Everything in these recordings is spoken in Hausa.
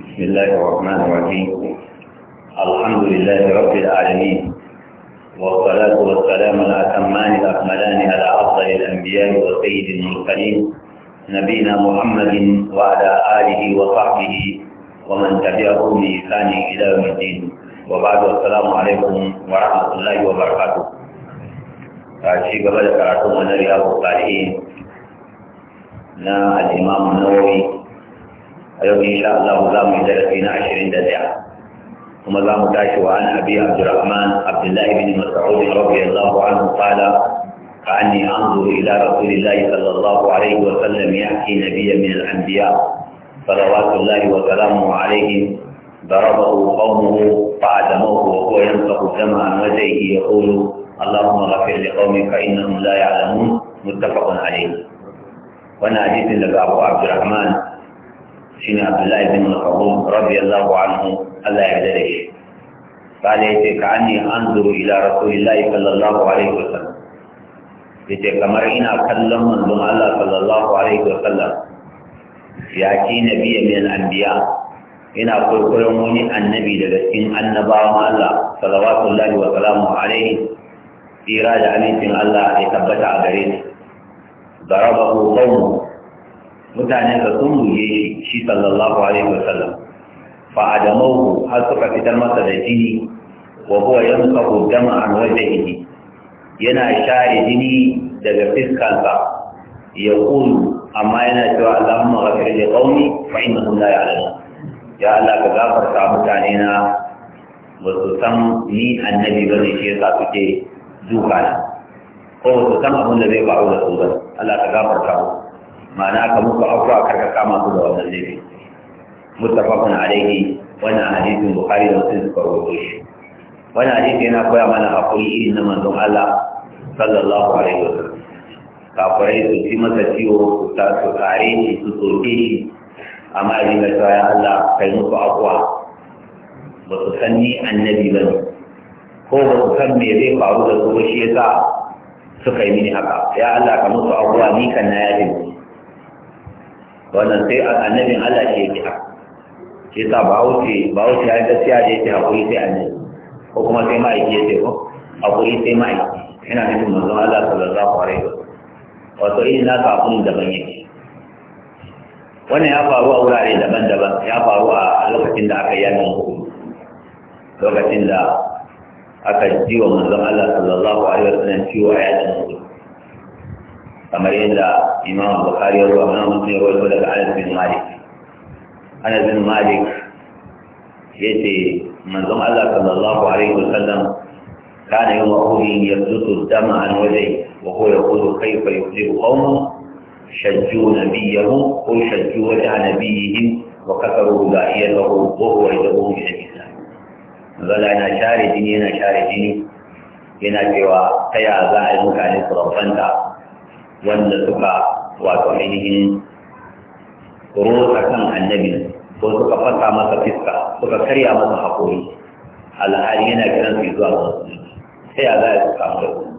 بسم الله الرحمن الرحيم الحمد لله رب العالمين والصلاة والسلام الأتمان الأكملان على أفضل الأنبياء وسيد المرسلين نبينا محمد وعلى آله وصحبه ومن تبعهم بإحسان إلى يوم الدين وبعد السلام عليكم ورحمة الله وبركاته a ci gaba da karatun wani riyadu salihin na al'imamu nawawi a yau insha Allah za mu yi darasi na ashirin da daya kuma za mu tashi wa an abi abdurrahman abdullahi bin mas'ud radiyallahu anhu qala ضربه قومه فعدموه وهو ينفخ دما عن وجهه يقول اللهم غفر لقومي فانهم لا يعلمون متفق عليه وانا حديث لك ابو عبد الرحمن شين عبد الله بن الخطاب رضي الله عنه الله يهديه قال كاني انظر الى رسول الله صلى الله عليه وسلم yace kamar ina kallon manzon Allah sallallahu alaihi wasallam ya ki nabiya min anbiya yana kwaikwayon wani annabi daga cikin annabawan Allah salawatullahi wa salamu alaihi tsira da amincin Allah ya tabbata a gare shi darabahu qawmu Mutane da sun buge shi shi sallallahu alaihi wa sallam fa adamahu har suka fitar masa da jini wa huwa yamsahu dama an wajhihi yana share jini daga fiskansa ya kulu amma yana cewa Allahumma ghafir li qaumi fa innahum la ya'lamun ya Allah ka gafarta mutane na ba su san ni annabi ba ne shi yasa suke duka na ko ba su san abin da zai faru da su ba Allah ka gafarta mu ma'ana ka muku afuwa kar ka kama su da wannan laifi muttafaqun alayhi wannan hadisin bukhari da muslim suka rawaito shi wannan hadisi yana koya mana hakuri irin na manzon Allah sallallahu alaihi wasallam kafirai su ci masa ciwo su tare shi su tsoke shi amma a dinga cewa ya Allah kai musu akwa ba su san ni annabi ba ne ko ba su san me zai faru da su shi yasa suka yi mini haka ya Allah ka musu akwa ni kan na yaje wannan sai annabin Allah shi yi haka shi yasa ba wuce ba wuce ya gaskiya da yake hakuri sai annabi ko kuma sai ma'aiki ya ce ko oh, hakuri sai ma'aiki yana nufin manzon Allah sallallahu alaihi sallam wato ka naka abun ban yake wannan ya faru a wurare daban-daban ya faru a lokacin da aka yi yakin hukum, lokacin da aka ji wa manzon Allah sallallahu alaihi sallam ciwo a yakin uhud kamar yadda imam bukhari ya ruwa mana mutum ya ruwa daga anas bin malik anas bin malik ya ce manzon Allah sallallahu alaihi wasallam kana yawma uhud yabdutu dama an waje wa kai fa yi yuflihu qaumun shajju nabiyahu ko shajju wata nabiyihim wa kasaru ruda'iyatahu wa huwa yadahu min al-islam zalla yana share jini yana share jini yana cewa ta za a yi mutane su wanda suka wato ainihin kan annabi ko suka fasa masa fiska suka karya masa haƙori alhali yana kiran su zuwa masu ta ya za a yi su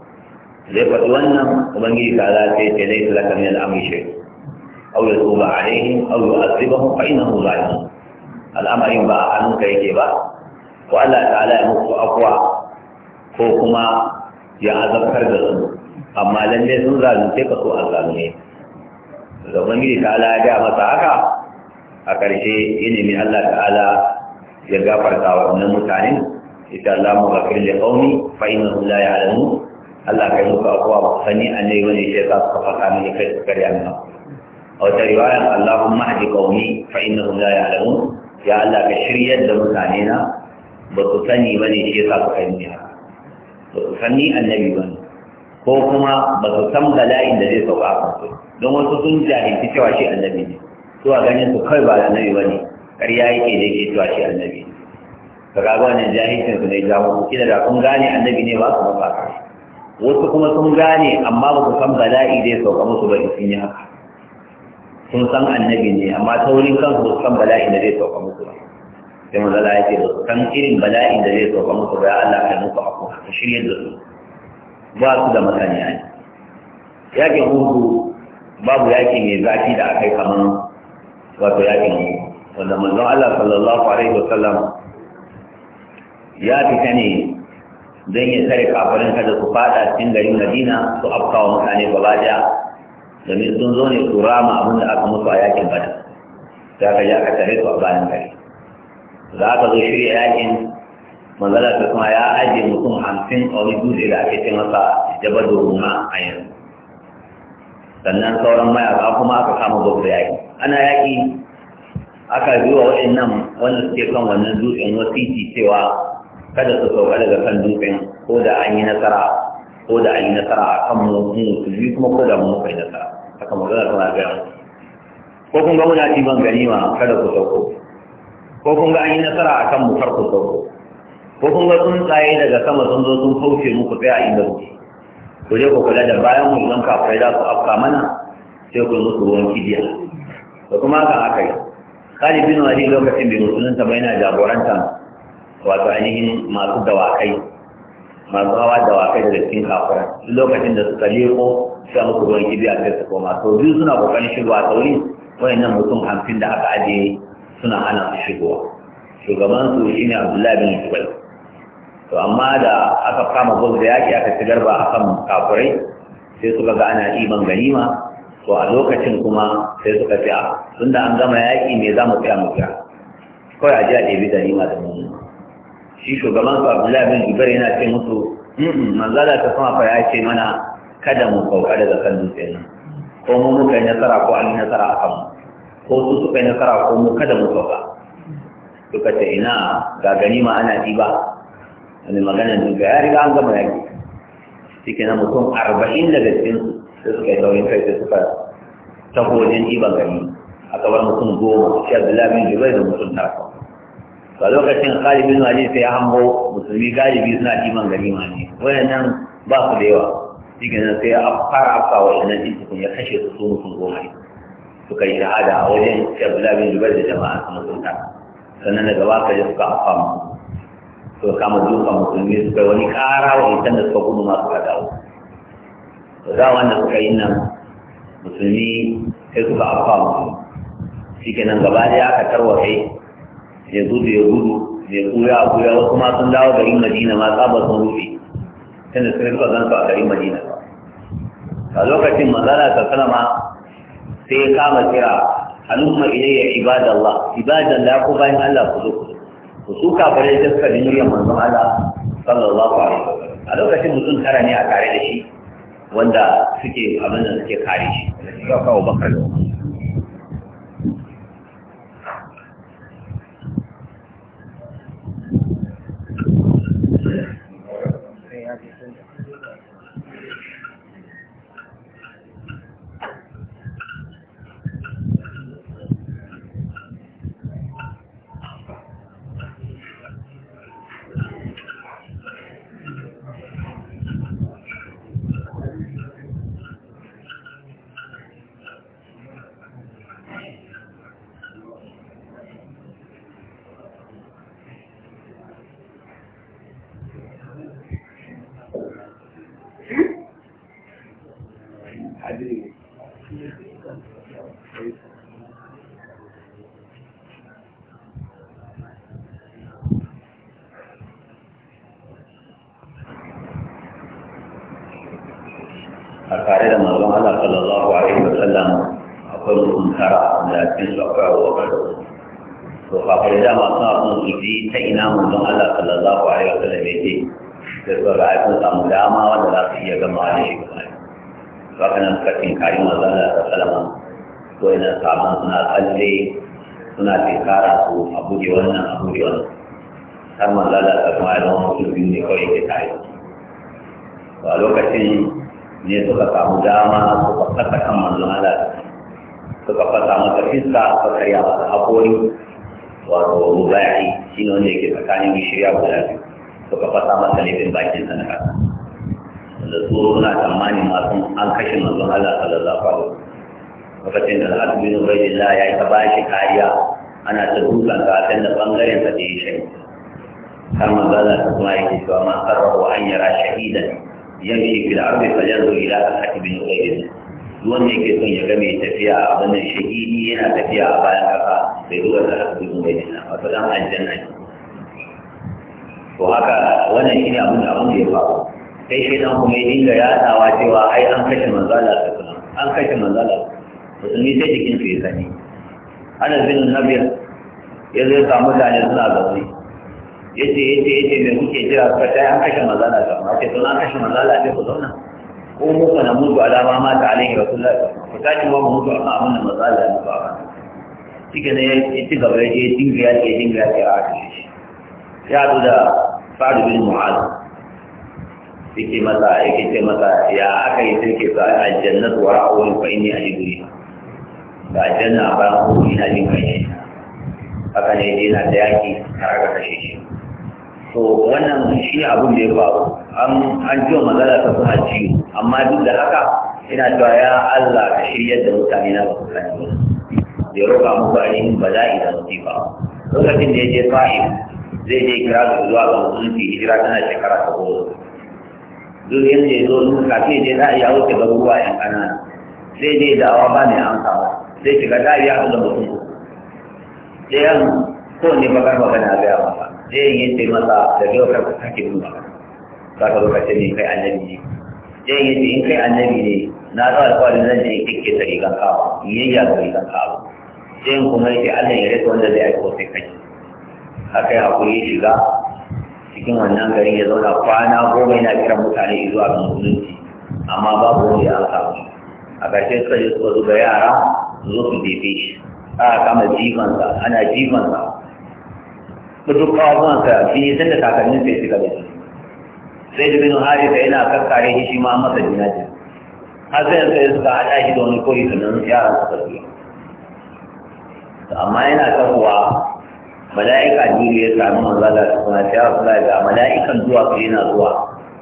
zai faɗi wannan ubangiji ta za ta yi ce laifin laka min al'amri shi au ya tuba alaihim au mu azibahum fa innahu zalim al'amarin ba a hannunka yake ba ko Allah ta'ala ya muku akwa ko kuma ya azabtar da su amma lalle sun zalunce ka so azalume da ubangiji ala ya ga masa haka a ƙarshe ilimin Allah ta'ala ya gafarta wa wannan mutanen ita Allah mu gafir li qaumi fa innahum la ya'lamun Allah kai muka abuwa ba sani a ne wani shi ka suka faɗa mini kai suka karya min a wata riwayar Allahumma hadi qaumi fa innahum la ya'lamun ya Allah ka shiryar da mutane na ba su sani bane shi ka suka yi mini haka ba su sani annabi bane ko kuma ba su san bala'in da zai sauka a kansu don wasu sun jahilci cewa shi annabi ne su a ganin su kai ba annabi bane ƙarya yake da yake cewa shi annabi ne ka ga wannan jahilcin su ne jawo kila da kun gane annabi ne ba su ba wasu kuma sun gane amma ba su san bala'i zai sauka musu ba in sun yi haka sun san annabi ne amma ta wurin kansu ba su san bala'i da zai sauka musu ba sai manzo zala yake ce ba su san irin bala'i da zai sauka musu ba ya Allah ya muku kuma ka shirye da su ba su da makani ne yakin hudu babu yaki mai zafi da akai kamar wato yakin hudu wanda manzon Allah sallallahu alaihi wasallam ya fita ne don ya tare kafarin kada su fada cikin garin madina su wa mutane gaba daya domin sun zo ne su rama abin da aka mutu a yakin bada za ka ji aka tare su a bayan gari za ka zo shirya yakin manzala ta kuma ya ajiye mutum hamsin a wani dutse da ake ce masa jaba ruma a yanzu sannan sauran mayaka kuma aka kama gobe yaki ana yaki aka biyo wa waɗannan wanda suke kan wannan dutsen titi cewa kada su sauka daga kan dutsen ko da an yi nasara ko da an yi nasara a kan mu musulmi kuma ko da mu kai nasara haka magana tana gaya mu ko kun ga muna ɗiban ganima kada ku sauko ko kun ga an yi nasara a kan mu kar ku sauko ko kun ga tsuntsaye daga sama sun zo sun kauce muku tsaya inda kuke ku je ku kula da bayan mu zan kafirai za su afka mana sai ku musu ruwan kidiya da kuma haka haka yi Khalid bin Walid lokacin bai musulunta bai yana jagorantar wato ainihin masu dawakai masu hawa dawakai da cikin kafura lokacin da suka leko suka musu ruwan a sai su koma to biyu suna kokarin shigowa sauri wayannan mutum hamsin da aka ajiye suna hana su shigowa shugaban su shine abdullahi bin jubal to amma da aka kama gwaz da yaki aka ci garba akan kafurai sai suka ga ana iban ganima to a lokacin kuma sai suka ce a ah, tunda an gama yaki me za mu tsaya mu tsaya kawai a ji a ɗebi ganima da mu shi shugaban su abdullahi bin jubair yana ce musu manzala ta sama fa ya ce mana kada mu kauka daga kan dutsen nan ko mu muka yi nasara ko an yi nasara a kanmu ko su suka yi nasara ko mu kada mu kauka suka ce ina ga gani ma ana ɗiba wani magana duka ya riga an gama yaƙi shi na mutum arba'in daga cikin su suka yi saurin kai sai suka taho wajen ɗiban gani a kabar mutum goma shi abdullahi bin jubair da mutum tara a lokacin galibin waje sai ya hango musulmi galibi suna kiman ganima ne nan ba su da yawa shi nan sai ya fara afka wa nan din tukun ya kashe su su mutum goma ne suka yi shahada a wajen shabula labin jubar da jama'a su mutunta sannan daga baka ya suka afka mu to kama duka musulmi suka yi wani kara wa mutan da suka gudu masu kadawo to za wanda suka yi nan musulmi sai suka afka mu shi nan gaba da aka tarwaye ya gudu ya gudu ya kuya a kuya wasu ma sun dawo garin madina ma tsabar sun rufe tunda sun rufe zan a garin madina a lokacin mazala ta kalama sai ya kama kira al'umma ilayya ibadallah ibadallah ko bayan Allah ku zo ku su kafare da suka dinga manzon Allah sallallahu alaihi wasallam a lokacin mutum tara ne a tare da shi wanda suke abin da suke kare shi da kawo bakar da tare da manzon Allah sallallahu alaihi wa sallam akwai mutum tara da cikin su akwai abubakar to kafin da masu sun su ji ta ina manzon Allah sallallahu alaihi wa sallam yake da su ga sun samu dama wanda za su iya gama da shi ba kana suka tinkari manzon Allah sallallahu alaihi wa sallam ko ina samun suna tsalle suna tinkara su a buge wannan a buge wannan har manzon Allah sallallahu alaihi wa sallam ne kawai ke tare a lokacin ne suka samu dama suka kasa kan manzon Allah suka fasa masa fiska suka karya masa haƙori wato rubai shi ne wanda yake tsakanin gishiriya guda biyu suka fasa masa laifin bakin sa na kasa da su suna tsammanin masu an kashe manzon Allah sallallahu alaihi lokacin da al'adu bin ubaidillah ya yi ta bashi kariya ana ta dukan kafin da bangaren sa da yi shayi har manzon Allah ta kuma yake cewa man sarrafa an yara shahidan yamshi fil ardi fayanzu ila ahadi min ghayrihi wanda yake son ya ga mai tafiya a wannan shahidi yana tafiya a bayan kasa bai zuwa da ahadi min ghayrihi wato dan aljanna ne to haka wannan shine abin da abin da ya faru sai shi dan kuma ya dinga yadawa cewa ai an kashe manzala ta kuma an kashe manzala musulmi sai jikin su ya sani ana bin nabiya ya samu da mutane suna zaune yace yace yace da muke jira ka ta an kashe mazala ga ma ce to an kashe mazala sai ku zauna ko mu kana mutu alama ma ta alaihi rasulullah ku ta ci ba mu mutu amma abin da mazala ne ba ba shike ne ya ci gaba ya je dinga ya ce dinga ya ce a kashe shi ya zo da sa'ad bin mu'adh yake masa yake ce masa ya aka yi sai ke sa aljanna wa ra'awun fa inni ajibuni ba aljanna ba ko ina jin kai haka ne yana da yaki har aka kashe shi to wannan shi abin da ya faru an an ji magana ta suna ciwo amma duk da haka ina cewa ya Allah ka shirya da mutane na basu sani ba da roƙa muku ainihin bala'i da ba lokacin da ya je fa'in zai je kira su zuwa ga musulunci hijira tana shekara ta goma duk yadda ya zo duk kafin je za a iya wuce garuruwa yan ƙanana zai je dawa ba mai amsa ba sai shiga za a iya haɗu da mutum sai yan kowane bakar magana gaya ba. zai yi ce masa da zai ka sake nuna za ka zo ce ne kai annabi ne zai yi ce in kai annabi ne na zo alfahari zan je kike ta rigan kawo in yi ya ga rigan kawo sai kuma ya ce Allah ya rasa wanda zai aiko sai kai haka ya kuri shiga cikin wannan gari ya zauna kwana goma yana kiran mutane zuwa ga musulunci amma babu wani ya samu a ƙarshe suka je suka zuba yara zo su jefe shi aka kama jifansa ana jifansa da duk kawawansa shi ne tun da takalmin sai shiga da shi sai da binu hari da yana kakkare shi shi ma masa jinaji har sai yanzu suka haɗa shi da wani kori sannan yaran su karfi amma yana tafowa mala'ika jiri ya sami manzala da kuma ta yawa kula mala'ikan zuwa su yana zuwa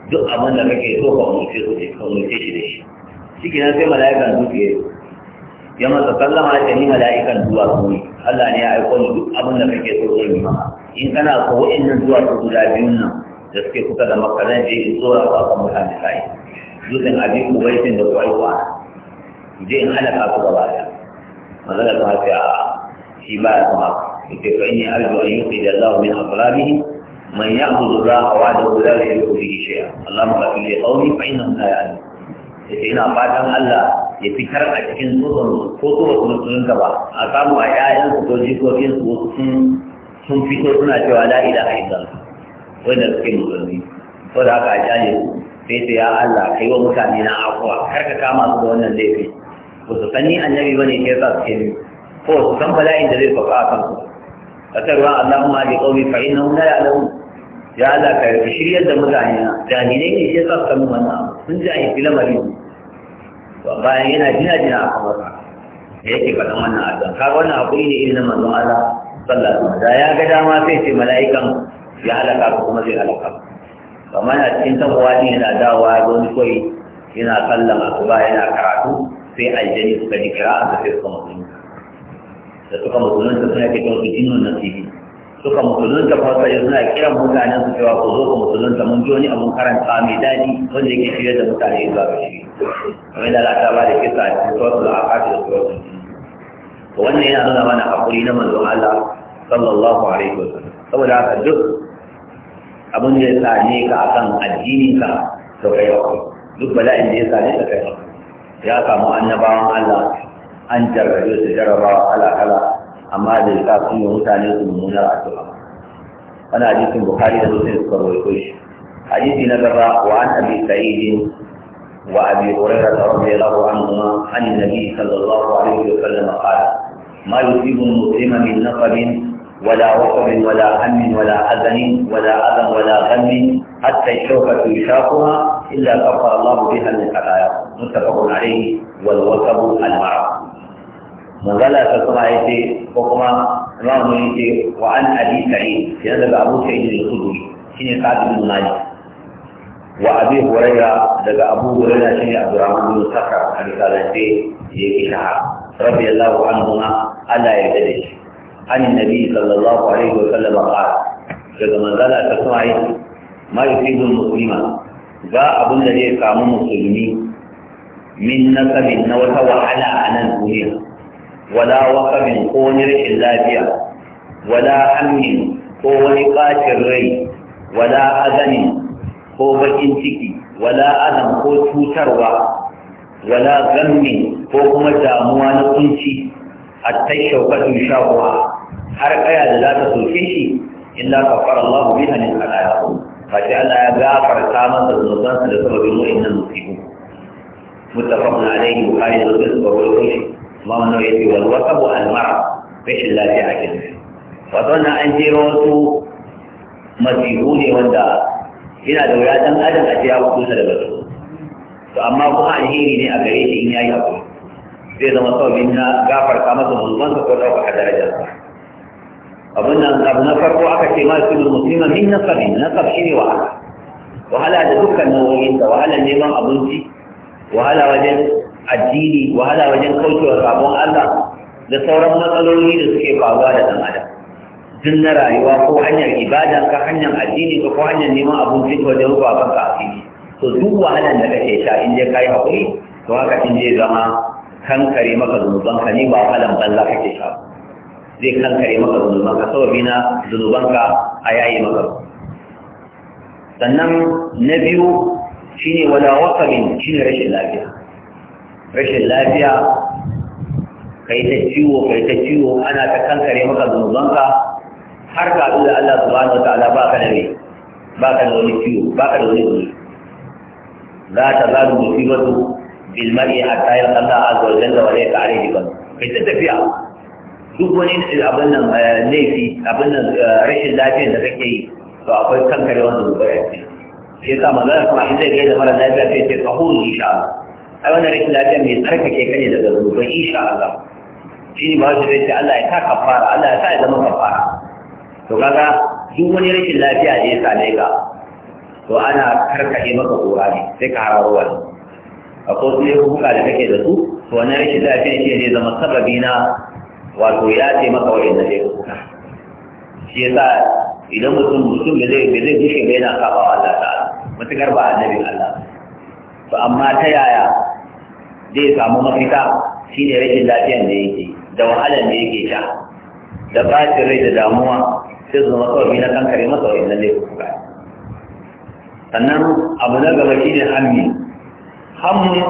duk abin da kake so ka umarce su ka umarce shi da shi shi sai mala'ikan zuciya ya masa sallama da ni mala'ikan zuwa su ne Allah ne ya aiko ni duk abin da kake so zai yi maka in kana ko wa'annan zuwa su guda biyun nan da suke kusa da makaran je in tsora ba kan mutane sai dutsen abin ubaitin da kuwai kwana je in halaka su gaba da mazala ta hafi a shi ba ya kuma ita ka yi arzu an yuki da Allah min afrabihi man ya'budu Allah wa da guda da yuki shay'a Allah ma ka fi qawmi fa innahu la ya'lamu ina fatan Allah ya fitar a cikin tsohon ko tsoron kuma tsoron ka ba a samu a 'ya'yan su ko jikokin su wasu sun sun fito suna cewa la a illallah wanda suke musulmi ko da haka a jaje sai sai ya Allah kai wa mutane na afuwa. kar ka kama su da wannan laifi ba su sani ni annabi bane ke sa ke ni ko su san bala'in da zai faɗa a kansu a tarwa Allahumma bi qawmi fa innahum la ya'lamun ya Allah ka shiryar da mutane na jahilai ne ke sa su san wannan sun jahilci lamarin bayan yana jina jina a kamarsa da yake faɗan wannan addu'a ka wannan haƙuri ne irin manzon Allah sallallahu alaihi ya ga dama sai ce mala'ikan ya halaka ko kuma zai halaka ma yana cikin tabbawa ne yana dawowa ya wani koyi yana sallan asuba yana karatu sai aljani suka ji kira da tafiya suka musulunta da suka musulunta suna ke kan su jinnun nasihi suka musulunta fa sai suna kiran mutanen su cewa ku zo ku musulunta mun ji wani abun karanta mai daɗi wanda yake shirya da mutane zuwa ga shi kamar da Allah ta ba da kisa a cikin suratul al-aqaf da suratul to wannan yana nuna mana hakuri na manzon Allah sallallahu alaihi wasallam saboda haka duk abin da ya same ka akan addinin ka to kai hakuri duk bala'in da ya same ka kai ya samu annabawan Allah an jarrabe su jarrabawa kala-kala. amma da ya sa kuma mutane su mummunar addu'a wannan hadisin bukhari da sosai suka rawaito shi hadisi na gaba wa an abi sa'id wa abi hurairah radiyallahu anhu an nabi sallallahu alaihi wa sallam qala ma yusibu muslima min naqabin ولا وقب ولا هم ولا أذن ولا أذى ولا غم حتى الشوكة يشاقها إلا كفر الله بها من خطاياه متفق عليه والوكب المعروف manzala ta kuma ya ce ko kuma imamu ya ce wa an abi sa'id yana daga abu sa'id da kuduri shine sa'id bin malik wa abi huraira daga abu huraira shine abdurrahman bin sakar a risalance ya ke shahara rabbi allahu anhuma allah ya yarda da shi an nabi sallallahu alaihi wa sallam qala daga manzala ta kuma ya ce ma yusibul muslima ba abun da zai samu musulmi min nasabin na wata wahala a nan duniya wala wakamin ko wani rashin lafiya wala hammin ko wani ɓacin rai wala azanin ko bakin ciki wala azam ko cutarwa wala gammi ko kuma damuwa na kunci a tai shaukatun shakuwa har kaya da za ta soke shi illa kafara Allah bi hanin alaya fa sai Allah ya gafarta masa da sababin wa'annan musibu muttafaqun alayhi ba imam nawawi yace wal wasabu al mar'a rashin lafiya ake nufi wato wannan an jera wasu masihu ne wanda yana da wuya dan adam a ce ya kusa daga su to amma kuma alheri ne a gare shi in yayi abu zai zama sauƙin na gafarta masa musulmansa ko ɗaukaka darajarsa abin nan abu na farko aka ce ma sunu musulman min nasabin nasab shi ne wahala wahala da dukkan nau'o'in da wahala neman abinci wahala wajen addini wahala wajen kaucewa sabon Allah da sauran matsaloli da suke faruwa da dan adam duk na rayuwa ko hanyar ibada ka hanyar addini ko hanyar neman abun ko da ruwa ka kafiri to duk wahalan da kake sha in je kai hakuri to haka in je zama kan kare maka zunuban ka ne ba halan banza kake sha zai kare maka zunuban ka saboda na zunuban ka a yayi maka sannan na biyu shine wala wasabin shine rashin lafiya rashin lafiya kai ta ciwo kai ta ciwo ana ta kankare maka zunubanka har ka da Allah subhanahu wataala ba ka da ne ba ka da wani ciwo ba ka da wani zuni za ta za mu musibatu bil mar'i hatta ya Allah azza wa jalla wa la ta'ala bi kai ta tafiya duk wani eh, abin nan eh, laifi abin nan eh, rashin lafiyar da kake yi to akwai kankare wanda zubar ya ce sai ka magana kuma in zai gaida mara lafiya sai ce ka hulu insha Allah a wannan rashin lafiya mai tsarkake ka ne daga zunubai insha Allah shi ne ba su zai ce Allah ya sa kafara Allah ya sa ya zama kafara to kaga duk wani rashin lafiya da ya same ka to ana karkade maka gora ne sai ka hararo wani su ne laifuka da kake da su to wannan rashin lafiya shi ne zama sababi na wato ya ce maka wa'in na kuka. shi sa idan mutum mutum ya zai zai gushe bai na kafa Allah ta'ala matukar ba annabin Allah to amma ta yaya zai samu mafita shi ne rashin lafiyan da yake da wahalan da yake sha da bacin rai da damuwa sai su zama kawai na kankare masa wa'in nan kuka. sannan abu na gaba shi ne hammi hammi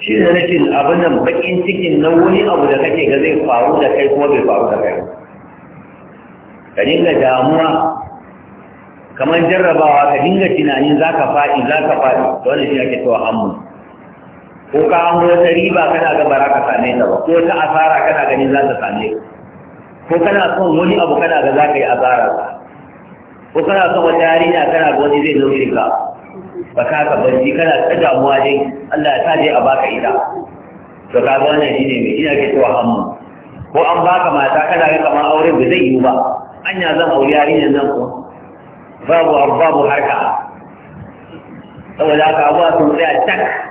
shi ne rashin abin da bakin cikin na wani abu da kake ga zai faru da kai kuma bai faru da kai ka dinga damuwa kamar jarrabawa ka dinga tunanin za ka faɗi za ka faɗi da wani shi ake cewa hammu ko ka an wata riba kana ga bara ka same ta ba ko ta asara kana gani za ta same ka ko kana son wani abu kana ga za ka yi asara ba ko kana son wata yarinya kana ga wani zai zo ka ba ka ka bari kana ta damuwa dai Allah ya sa a baka ita to ka ga wannan shine mai ina ke cewa amma ko an baka mata kana ga kamar aure ba zai yi ba anya zan aure yarinyar nan ko babu babu harka saboda ka abuwa sun tsaya tak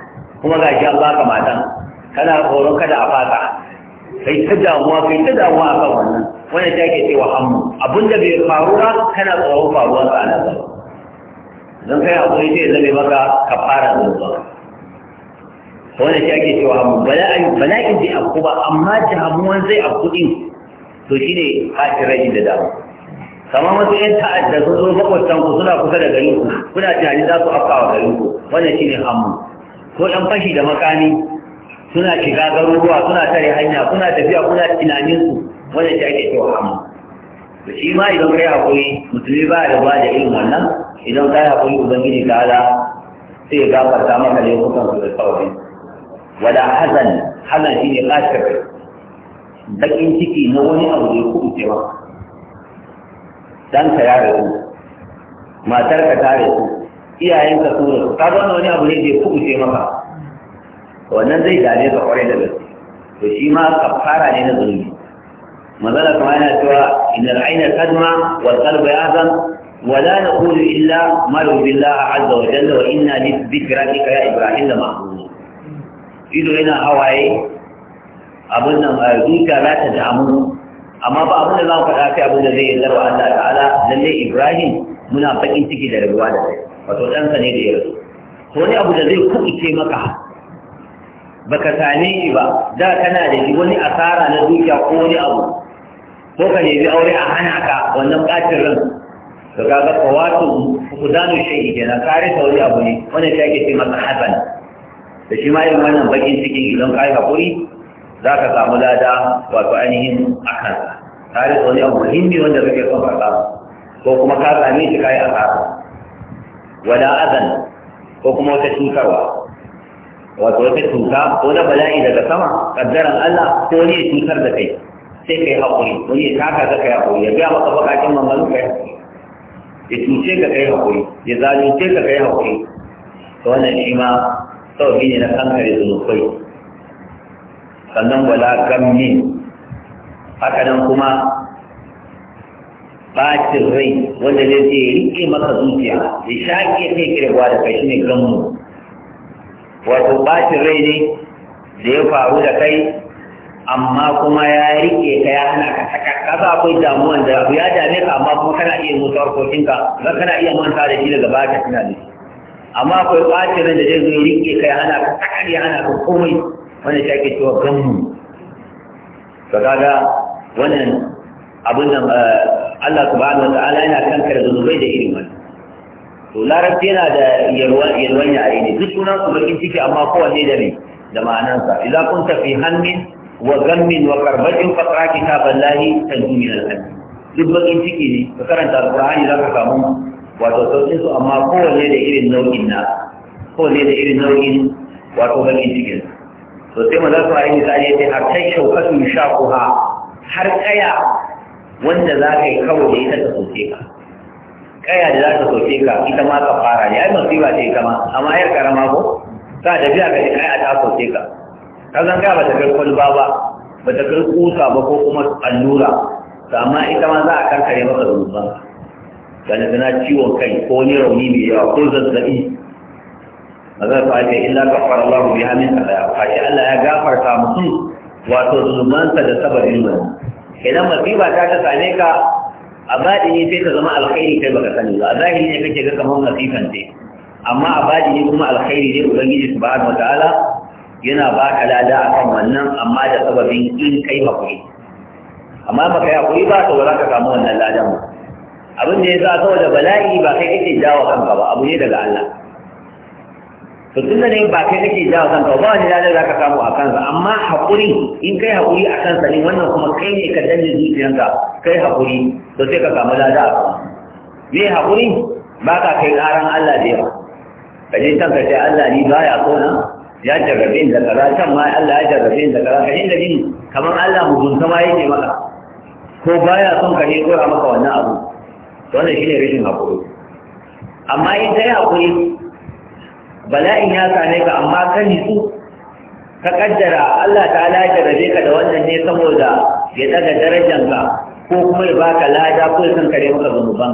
kuma ga shi Allah ka matan kana tsoron kada a fata kai ta damuwa kai ta damuwa a kan wannan wanda ta ke cewa hannu abin da bai faru ba kana tsoron faruwa a nan ba don kai akwai zai zame maka ka fara zuwa wanda ta ke cewa hammu bala'in zai afku ba amma damuwan zai a din to shi ne hajji rai da damu kamar wasu ‘yan ta'adda sun zo makwabtan ku suna kusa da gari ku kuna tunani za su afka wa garin ku wannan ne hamu ko ɗan fashi da makami suna shiga garuruwa suna tare hanya suna tafiya kuna tunaninsu wanda ta ake cewa amma da shi ma idan kai haƙuri mutumi ba da ba da irin wannan idan kai haƙuri ubangiji ta ala sai ya gafarta maka da yau su da saurin wala hazan hazan shi ne ƙashir baƙin ciki na wani abu da ya kuɓu cewa ɗanka ya rasu matarka ta rasu Iyayen ka da su ka ga wani abu ne ke kubuce maka wannan zai dame ka kwarai da gaske to shi ma fara ne na zunubi mazala kuma yana cewa innal aina kadma wal qalbu ya'zam wa la naqulu illa ma yubillah azza wa jalla wa inna li dhikrika ya ibrahim la mahzun ido yana hawaye abin nan eh, zuciya za ta damu amma ba abin da za mu faɗa kai abin da zai yi zarwa Allah ta'ala lalle Ibrahim muna bakin ciki da rabuwa da kai wato ɗansa ne da ya rasu to wani abu da zai kuɓuce maka baka same shi ba da kana da shi wani asara na dukiya ko wani abu ko ka nemi aure a hana ka wannan ɓacin ran to ku zanu shi ke na kare ta wani abu ne wani shi ke ce maka hasan da shi ma yin wannan bakin ciki idan kai hakuri za ka samu lada wato ainihin a kansa kare ta wani abu muhimmi wanda kake son ka samu ko kuma ka same shi yi asara wala azan ko kuma wata cutarwa wato wata cuta ko na bala'i daga sama kaddaran Allah ko ne cutar da kai sai kai haƙuri wani ya taka ka kai haƙuri ya biya maka bakakin manganu kai ya cuce ka kai haƙuri ya zalunce ka kai haƙuri to wannan shi ma sauƙi ne na kankare zunubai sannan wala gamni haka nan kuma bacin rai wanda zai ce rike maka zuciya da shaƙi kai kirgwa da kai shine gammu wato bacin rai ne da ya faru da kai amma kuma ya rike ka ya hana ka saka kasa akwai damuwan da abu ya dame ka amma kuma kana iya mutu harkokin ka za kana iya manta da shi daga bata suna tuna da shi amma akwai rai da zai zo ya rike ka ya hana ka saka ya hana ka komai wanda shi ake cewa gamu ka kaga wannan abin nan eh, Allah subhanahu wa ta'ala yana kankare zunubai da irin wannan to larabci yana da yalwan yalwan yare ne duk sunan su bakin ciki amma kowanne da me. da ma'anansa idza kunta fi hammin wa ghammin wa karbatin faqra kitaballahi tanju min al duk bakin ciki ne ka karanta alqur'ani ka samu wato sautin su amma kowanne da irin nau'in na kowanne da irin nau'in wato bakin cikin to sai maza su ayi misali sai har kai shaukatu shaquha har kaya wanda za ka yi kawo da ita ta soke ka kaya da za ta soke ka ita ma ka fara yi masu ba ce ita ma amma yar karama ko ta tafiya ka ji kaya ta soke ka ka zan kaya ba ta kai kwalba ba ba ta kai kusa ba ko kuma allura to amma ita ma za a karkare maka da ka da tana ciwon kai ko ni rauni mai yawa ko zazzabi ba zai fa'ita illa fara Allah biha min Allah ya Allah ya gafarta mutum wato zunubansa da sabarin mana kenan masifa ta ta same ka a baɗini sai ta zama alkhairi kai baka sani ba a zahiri ne kake ga kamar masifan ce amma a baɗini kuma alkhairi ne ubangiji subhanahu wataala yana ba ka lada akan wannan amma da sababin in kai hakuri amma baka yi hakuri ba to ba za ka samu wannan ladan ba abin da ya sa saboda bala'i ba kai kake jawo kanka ba abu ne daga Allah to tun da ne ba kai kake jawo kanka ba wani lalar za ka samu a kansa amma haƙuri in kai haƙuri a kansa ne wannan kuma kai ne ka danne zuciyarka kai haƙuri to sai ka samu lada a kan me haƙuri ba ka kai ƙaran Allah da yawa ka je kanka sai Allah ni ba ya so na ya jarrabe ni da kaza can ma Allah ya jarrabe ni da kaza ka inda ni kamar Allah mugunta ma yake maka ko baya son ka ne kora maka wannan abu wannan shine rashin haƙuri amma in kai haƙuri bala'in ya same ka amma ka nitsu ka kaddara Allah ta ala ya rabe ka da wannan ne saboda ya daga darajanka ko kuma ya baka lada ko ya san kare maka ka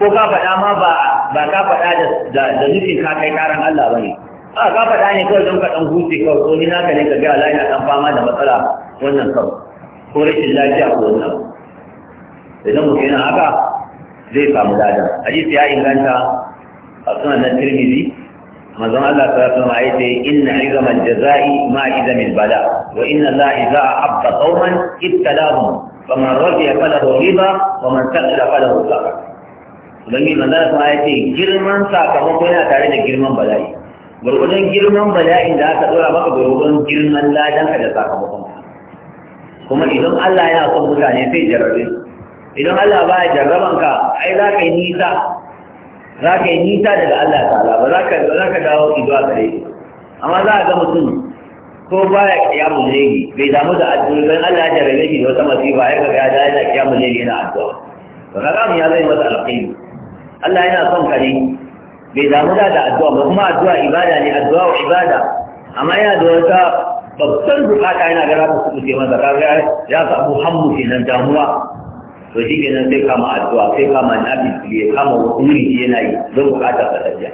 ko ka faɗa ma ba ba ka faɗa da da nufin ka kai karan Allah bane a ka faɗa ne kawai don ka dan huce kawai ko ni naka ne ka ga Allah yana dan fama da matsala wannan kawai ko rashin lafiya ko wannan idan mutum yana haka zai samu lada hadisi ya inganta a sunan Tirmidhi manzon Allah ta san ai ce inna izama aljazai ma izamil bala wa inna la iza habba qauman ibtalahum faman radiya falahu riba ba, man taqala falahu saqa ubangi manzon Allah ta ce girman sakamako yana tare da girman bala'i gurgudan girman bala'in da aka dora maka gurgudan girman ladan ka da sakamakon kuma idan Allah yana son mutane sai jarrabe idan Allah ba ya jarrabanka ai za ka yi nisa za ka yi nisa daga Allah ta'ala ba za ka za ka dawo zuwa gare shi amma za a ga mutum ko baya kiyamu laili bai damu da addu'a dan Allah ya jarabe shi da wata masifa ya ga ya da kiyamu laili yana addu'a to kaga mun ya zai masa alƙairi Allah yana son ne bai damu da addu'a ba kuma addu'a ibada ne addu'a wa ibada amma yana da wata babban bukata yana ga za ta kuɓuce masa kaga ya samu hammu kenan damuwa to shi ke nan sai kama addu'a sai kama nafi ya kama wuri yana yi don bukatar sa tafiya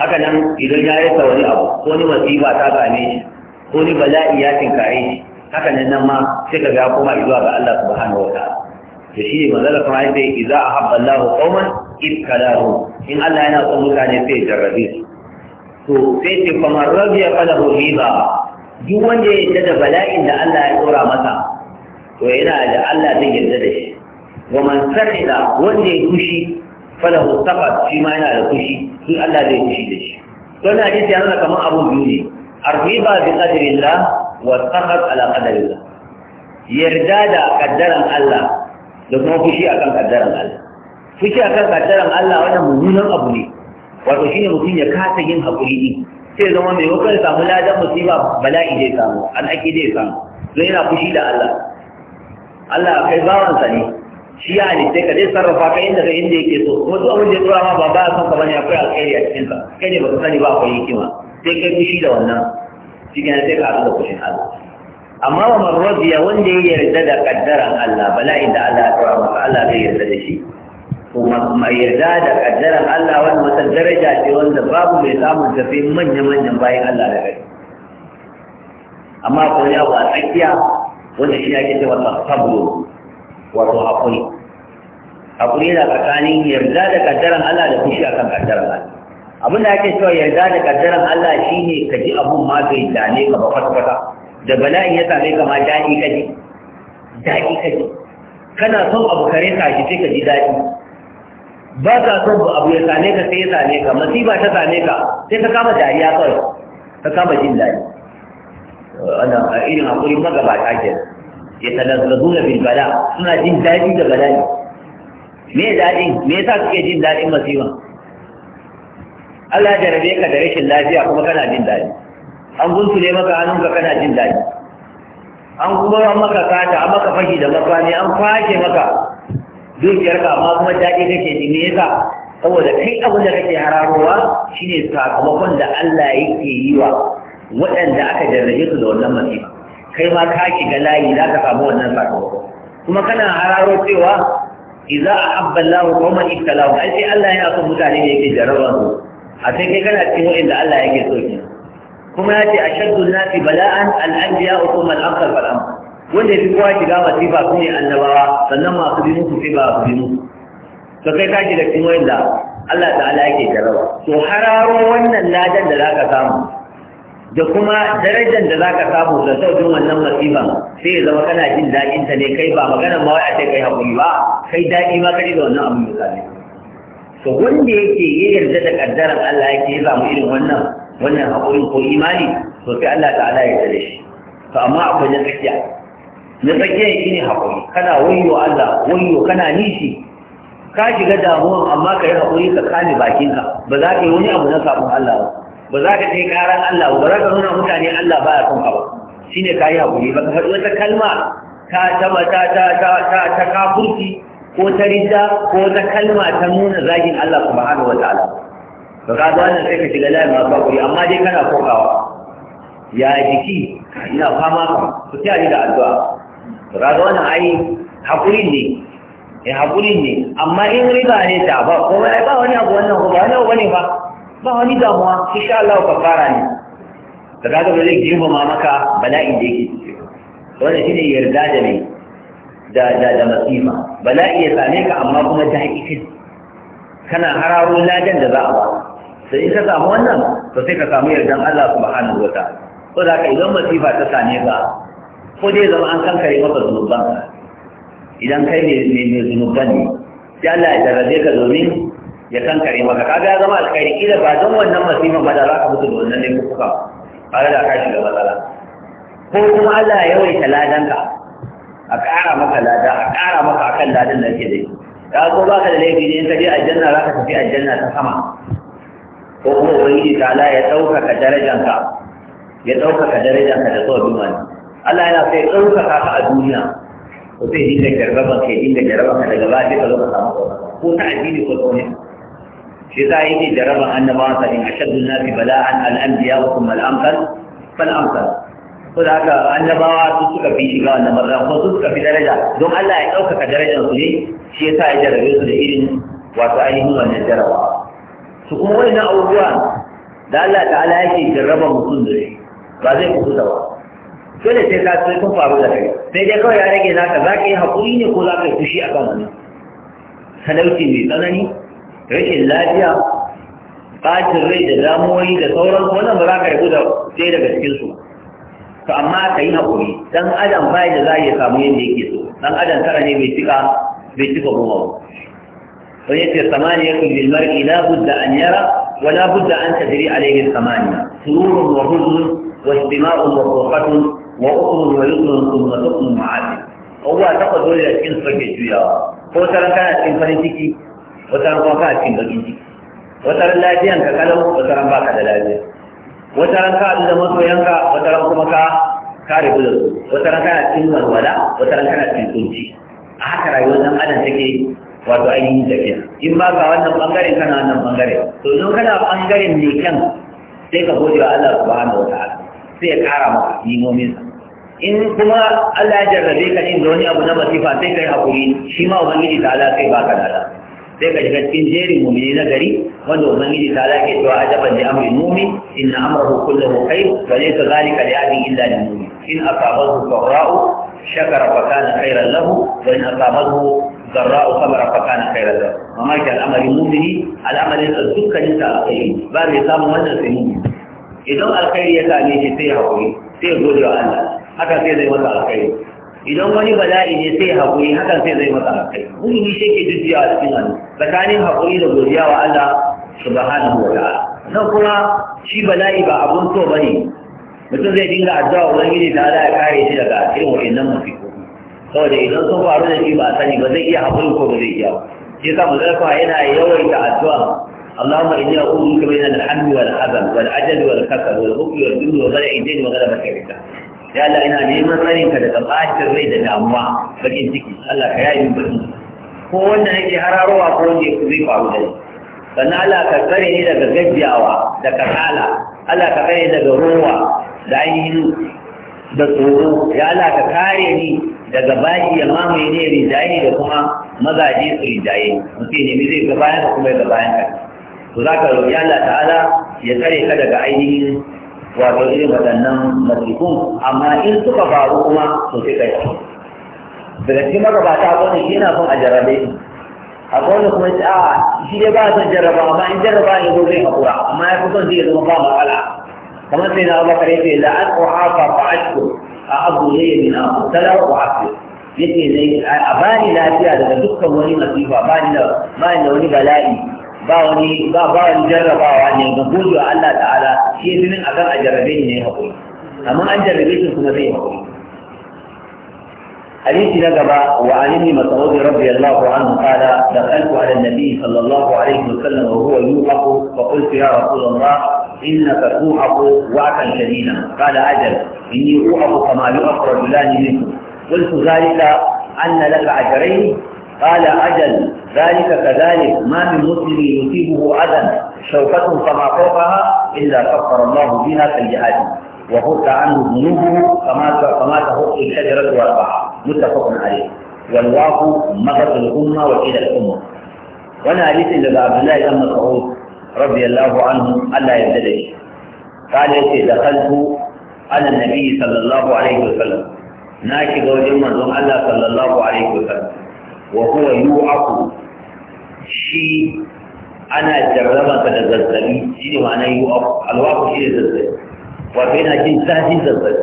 haka nan idan ya rasa wani abu ko ni masifa ta same shi ko ni bala'i ya tinkare shi haka nan nan ma sai ka ga kuma zuwa ga Allah subhanahu wa ta'ala to shi ne manzala kuma ya ce idza ahabba Allahu qauman ibtalahu in Allah yana son mutane sai jarrabe su to sai ce kamar rabiya falahu riba duk wanda ya yarda da bala'in da Allah ya tsora masa to yana da Allah zai yarda da shi wa man sakida wanda ya kushi falahu sakat shi ma yana da kushi shi Allah zai kushi da shi don hadisi ya nuna kamar abu biyu ne arriba bi qadrillah wa sakat ala qadrillah yarda da kaddaran Allah da kuma fushi akan kaddaran Allah fushi akan kaddaran Allah wani mummunan abu ne wato shine mutum ya kasa yin hakuri din sai zama mai wakar samu ladan musiba bala'i zai samu an ake zai samu don yana fushi da Allah Allah kai bawan sa ne shi ya halitta ka zai sarrafa ka inda ka inda yake so kuma duk abin da ya tura ma ba ba son ka bane akwai alkhairi a cikin ka kai ne baka sani ba akwai hikima sai kai fushi da wannan cikin ne sai ka haɗu da fushin Allah amma wa marradiya wanda ya yarda da kaddaran Allah bala'in da Allah ya tura maka Allah zai yarda da shi kuma yarda da kaddaran Allah wani wata daraja ce wanda babu mai samun tafi manya-manyan bayan Allah da gari amma ko ya wa tsakiya wanda shi ake cewa sabru wato hakuri. haƙuri yana tsakanin yarda da kaddaran Allah da fushi akan kaddaran Allah da ake cewa yarda da kaddaran Allah shine ka ji abun ma bai dane ka ba kwata-kwata da bala'in ya same ka ma daɗi ka ji daɗi ka ji kana son abu kare ka shi sai ka ji daɗi ba ka son abu ya same ka sai ya same ka masifa ta same ka sai ka kama dariya kawai ka kama jin daɗi ana a irin haƙuri magabata ke ya talazzazu na bilbala suna jin daɗi da bala'i me daɗin me yasa suke jin daɗin masiwa Allah ya jarabe ka da rashin lafiya kuma kana jin daɗi an ne maka hannunka kana jin daɗi an kuma an maka kata an maka fashi da makami an fashe maka dukiyarka amma kuma daɗi kake ji me yasa saboda kai abin da kake hararowa shine sakamakon da Allah yake yi wa waɗanda aka jarrabe su da wannan masifa kai ma ka ki ga layi za ka samu wannan sakamako kuma kana hararo cewa idza ahabba Allahu qauman ibtalahu ai sai Allah ya son mutane da yake jarraba su a sai kai kana cikin waɗanda Allah yake so ki kuma yace ashaddu nasi bala'an al-anbiya kuma al-amsal fal wanda yake kowa ga masifa su ne annabawa sannan masu bi musu sai ba su bi musu to kai ka da cikin waɗanda Allah ta'ala yake jarraba to hararo wannan ladan da zaka samu da kuma darajar da zaka samu da sauƙin wannan masifan sai ya zama kana jin daɗin ta ne kai ba magana ma wai a ce kai haƙuri ba kai daɗi ma kai da wannan abin misali to wanda yake ya yarda da kaddaran Allah yake ya samu irin wannan wannan haƙurin ko imani to sai Allah ta'ala ya tare shi to amma akwai na tsakiya na tsakiya shine haƙuri kana wayo Allah wayo kana nishi ka shiga damuwan amma kai haƙuri ka kame bakinka ba za ka yi wani abu na sabon Allah ba ba za ka kai karan Allah ba za ka nuna mutane Allah ba ya son ka ba ka yi haƙuri ba ka wata kalma ta ta ta ta ta ta kafurki ko ta rida ko ta kalma ta nuna zagin Allah subhanahu wa ta'ala ba ka nan sai ka shiga layin masu haƙuri amma dai kana kokawa ya jiki ina fama ka ku tiyari da addu'a ba ka zuwa nan ai haƙuri ne eh haƙuri ne amma in riba ne ta ba ko ba wani abu wannan ko ba wani abu ne ba ba wani damuwa sha Allah ka fara ne da kaga ba zai girma ma maka bala'in da yake wanda shi shine yarda da mai da da da masifa bala'i ya same ka amma kuma ta hakikin kana hararo ladan da za a ba sai in ka samu wannan to sai ka samu yardan Allah subhanahu wa ta'ala ko da ka idan masifa ta same ka ko dai zama an kankare maka zunuban idan kai ne mai zunuban ne sai Allah ya tarrabe ka domin ya kare maka kaga ya zama alkhairi kila ba don wannan masifan ba da za ka mutu da wannan ne kuka kaga da ka shiga matsala ko kuma Allah ya yawaita ka a ƙara maka lada a ƙara maka akan ladan da ke dai ka zo ba ka da laifi ne in ka je aljanna za ka tafi aljanna ta sama ko kuma ubangiji ta Allah ya ɗaukaka darajanka ya ɗaukaka darajanka da zuwa duniya Allah yana sai ɗaukaka ka a duniya ko sai dinga jarraban kai dinga jarraba ka daga ba sai ka zo ka samu ko ta addini ko ta wani shi za yi jaraban annabawan sa in ashaddu nasi bala'an al'anbiya wa kuma al'amsal fal amsal ko da haka annabawa su suka fi shiga wannan marra ko su suka fi daraja don Allah ya ɗaukaka darajar su ne shi yasa ya jarabe su da irin wato ainihin wannan jarabawa su kuma wani na abubuwa da Allah ta'ala yake jarraba mutum da shi ba zai kusa ba dole sai ka sai kun faru da kai sai dai kawai ya rage naka za ka yi haƙuri ne ko za ka yi fushi a kan wani talauci mai tsanani rashin lafiya ɓacin rai da damuwoyi da sauran wannan ba za ka rabu da sai daga cikin su to amma ka yi haƙuri dan adam bai da za ya samu yadda yake so dan adam tara ne bai cika bai cika goma ba wani yace samaniya kun bil mar'i la budda an yara wa la budda an tadri alayhi samaniya sururun wa huzun wa istima'un wa furqatun wa ukhrun wa yusrun thumma tuqnu ma'ad abubuwa takwas dole a cikin su kake juyawa ko taran kana cikin farin ciki wata ran kuma ka cikin bakin ciki wata ran lafiyan ka kalau wata ran baka da lafiya wata ran ka da yanka, wata ran kuma ka kare da su wata ran kana cikin walwala wata ran kana cikin kunci a haka rayuwar dan adam take wato ainihin tafiya in ba ka wannan bangare kana wannan bangare to idan kana bangaren mai kyan sai ka gode wa Allah subhanahu wa ta'ala sai ya kara maka nimomin in kuma Allah ya jarrabe ka din da wani abu na masifa sai kai hakuri shi ma ubangiji ta Allah sai baka da lafiya sai ka shiga cikin jerin mumini na gari wanda ubangiji ta lake cewa ajaban da amri mumin inna amrahu kullahu khair wa laysa zalika li ahadin illa lil mumin in asabahu sarra'u shakara fa kana khairan lahu wa in asabahu ضراء lahu amma خيرا له mumini كان الامر المؤمن الامر الدكان تاع ba باب samu wannan sai mu'min idan alkhairi ya same shi sai ya hakuri sai ya gode wa Allah haka sai zai masa alkhairi idan wani bala'i ne sai haƙuri hakan sai zai masa hakai mumini shi ke jujjuya a cikin hannu tsakanin haƙuri da godiya wa Allah subhanahu wa ta'ala nan kuma shi bala'i ba abun so bane mutum zai dinga addu'a ubangiji da Allah ya kare shi daga irin wa'annan musiku saboda idan sun faru da shi ba a sani ba zai iya haƙuri ko ba zai iya ba shi yasa mu zarfa yana yawaita addu'a اللهم إني أعوذ بك من الحمد والحزن والعجل والكسل والبخل والذل وغير الدين وغلبة الرجال ya Allah ina neman tsarin ka daga bacin rai da damuwa bakin ciki Allah ka yayi min bakin ko wanda yake hararowa ko wanda zai faru da ni sannan Allah ka tsare ni daga gajiyawa da kasala Allah ka ni daga rowa da ainihin da tsoro ya Allah ka kare ni daga baki ya mamaye ne rijaye da kuma mazaje su rijaye mutum ne mai zai gabaya da kuma ya gabayan ka to za ka roƙi Allah ta'ala ya kare ka daga ainihin wato irin waɗannan masifun amma in suka faru kuma su fi kai daga cikin magabata ko shi yana son a jarrabe A akwai kuma shi a shi dai ba son jarraba amma in jarraba ne zo zai haƙura amma ya fi son zai zama ba matsala kamar sai na abubakar ya ce la an ƙuhafa fa ashku a abu ne ya min abu salar ƙuhafi ya ce a bani lafiya daga dukkan wani masifa bani da wani bala'i ba wani ba ba wani jarrabawa ne ga gode wa Allah ta'ala shi ya min akan a jarrabe ne haƙuri amma an jarrabe shi kuma zai haƙuri حديث نجبة وعن ابن مسعود رضي الله عنه قال دخلت على النبي صلى الله عليه وسلم وهو يوقف فقلت يا رسول الله انك توقف وعكا شديدا قال اجل اني اوقف كما يوقف رجلان منكم قلت ذلك ان لك اجرين قال أجل ذلك كذلك ما من مسلم يصيبه أذى شوكة فما فوقها إلا كفر الله بها كالجهاد وفك عنه ذنوبه كما كما تفك الشجرة والبحر متفق عليه والواقع مغرب الأمة وكلا الأمة وانا حديث إلى عبد الله بن مسعود رضي الله عنه ألا يبتدئ قال يتي دخلت على النبي صلى الله عليه وسلم ناشي قول من الله صلى الله عليه وسلم wa huwa yu'aku shi ana jarraba ka da zazzabi shi ne ma'ana yu'aku alwaku shi ne zazzabi wato yana jin zafin zazzabi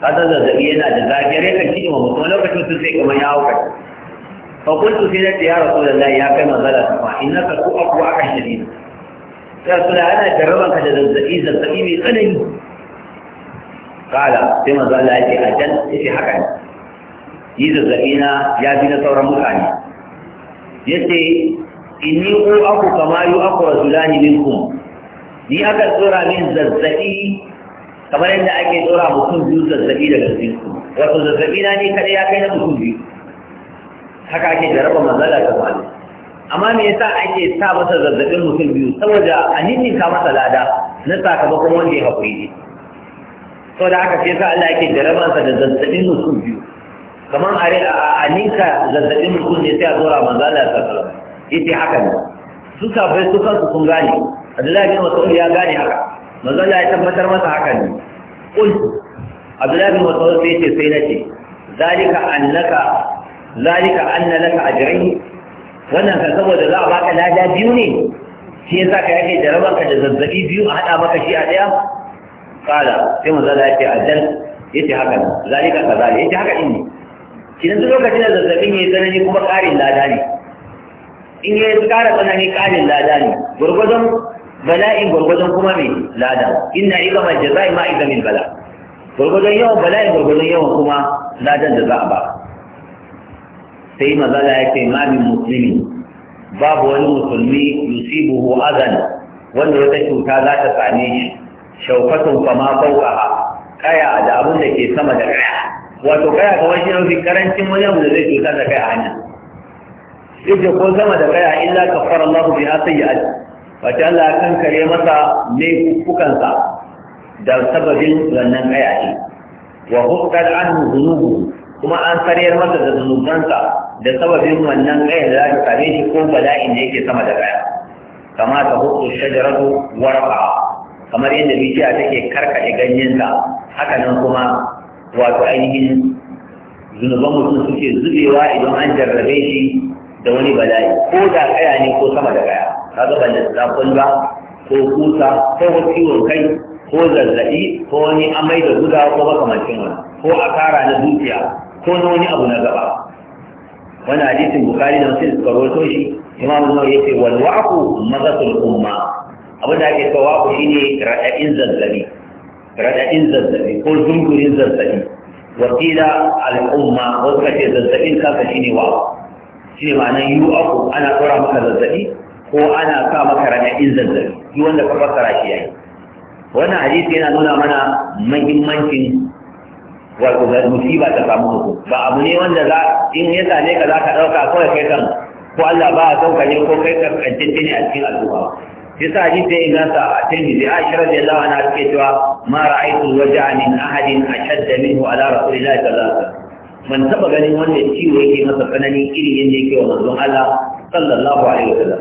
kada zazzabi yana da zafi rai kan shi ne ma mutum lokacin sun sai kamar ya hauka fa kuntu sai na rasu da rasulullahi ya kai manzala ina innaka ku aku akan shadid sai suna ana jarraban ka da zazzabi zazzabi mai tsanani kala sai manzala ya ce ajal ya ce haka ne ni zazzabi na ya fi na sauran mutane Ya ce, inni ku aku kama yi aku min minkum ni aka tsora min zazzabi kamar yadda ake tsora mutum biyu zazzabi daga cikin ku wato zazzabi na ne kada ya kai na mutum biyu haka ake jaraba manzala ta bani amma me yasa ake sa masa zazzabin mutum biyu saboda a ka masa lada na sakamakon wanda ya haƙuri ne saboda aka ce sa Allah yake jarabansa da zazzabin mutum biyu kamar a ninka zazzabin mutum ne sai a zora manzala ta salama yace haka ne su safai su kansu sun gane abdullahi bin mas'ud ya gane haka manzala ya tabbatar masa haka ne kul abdullahi bin mas'ud sai yace sai nace zalika annaka zalika anna laka ajrayn wannan kan saboda za a baka lada biyu ne shi yasa ka yake jarabar ka da zazzabi biyu a hada maka shi a daya kala sai manzala ya ce ajal yace haka ne zalika kazalika yace haka din ne idan su lokacin da zazzabin ya yi tsanani kuma ƙarin lada ne in ya yi ƙara tsanani ƙarin lada ne gwargwadon bala'in gwargwadon kuma mai lada inna iga mai jaza'i ima iga min bala gwargwadon yawan bala'in gwargwadon yawan kuma ladan da za a ba sai mazala ya ce mamin musulmi babu wani musulmi yusibuhu azan wanda wata cuta za ta sami shaukatun shaufatun fama fauka kaya da abin da ke sama da kaya wato kaya kamar shi mafi karancin wani abu da zai cuta da kai a hanya yake ko sama da kaya illa kafar Allah bi asai ya wato Allah kan kare masa ne kukansa da sababin wannan kaya ne wa hukkar an zunubu kuma an sarayar masa da zunubansa da sababin wannan kaya da za ta same shi ko bala'in da yake sama da kaya kama ta hukku shajaratu warfa kamar yadda bishiya take ganyen ganyenta haka nan kuma wato ainihin zunuban mutum suke zubewa idan an jarrabe shi da wani bala'i ko da kaya ne ko sama da kaya ga ban da zafin ba ko kusa ko ciwon kai ko zazzabi ko wani amai da guda ko makamancin wani ko asara na zuciya ko na wani abu na gaba wani hadisin bukari da mutum suka rawaito shi imam ya ce wal wa'qu mazatul umma abin da ake cewa shi shine raɗaɗin zazzabi raɗaɗin zazzabi ko zungurin zazzabi wakila al'umma wasu kace zazzabin kaka shine wa shine ma'anar yu aku ana tsora maka zazzabi ko ana sa maka raɗaɗin zazzabi shi wanda ka fassara shi yayi wannan hadisi yana nuna mana muhimmancin wato da musiba ta samu mutum ba abu ne wanda za in ya same ka za ka ɗauka kawai kai kan ko Allah ba a sauka ne ko kai ka kankance ne a cikin al'umma shi sa ji sai inganta a cikin da Aisha radiyallahu anha take cewa ma ra'aytu waj'a min ahadin ashadda minhu ala rasulillahi sallallahu alaihi wasallam man taba ganin wanda ciwo yake masa tsanani iri yanda yake wa manzon Allah sallallahu alaihi wa sallam).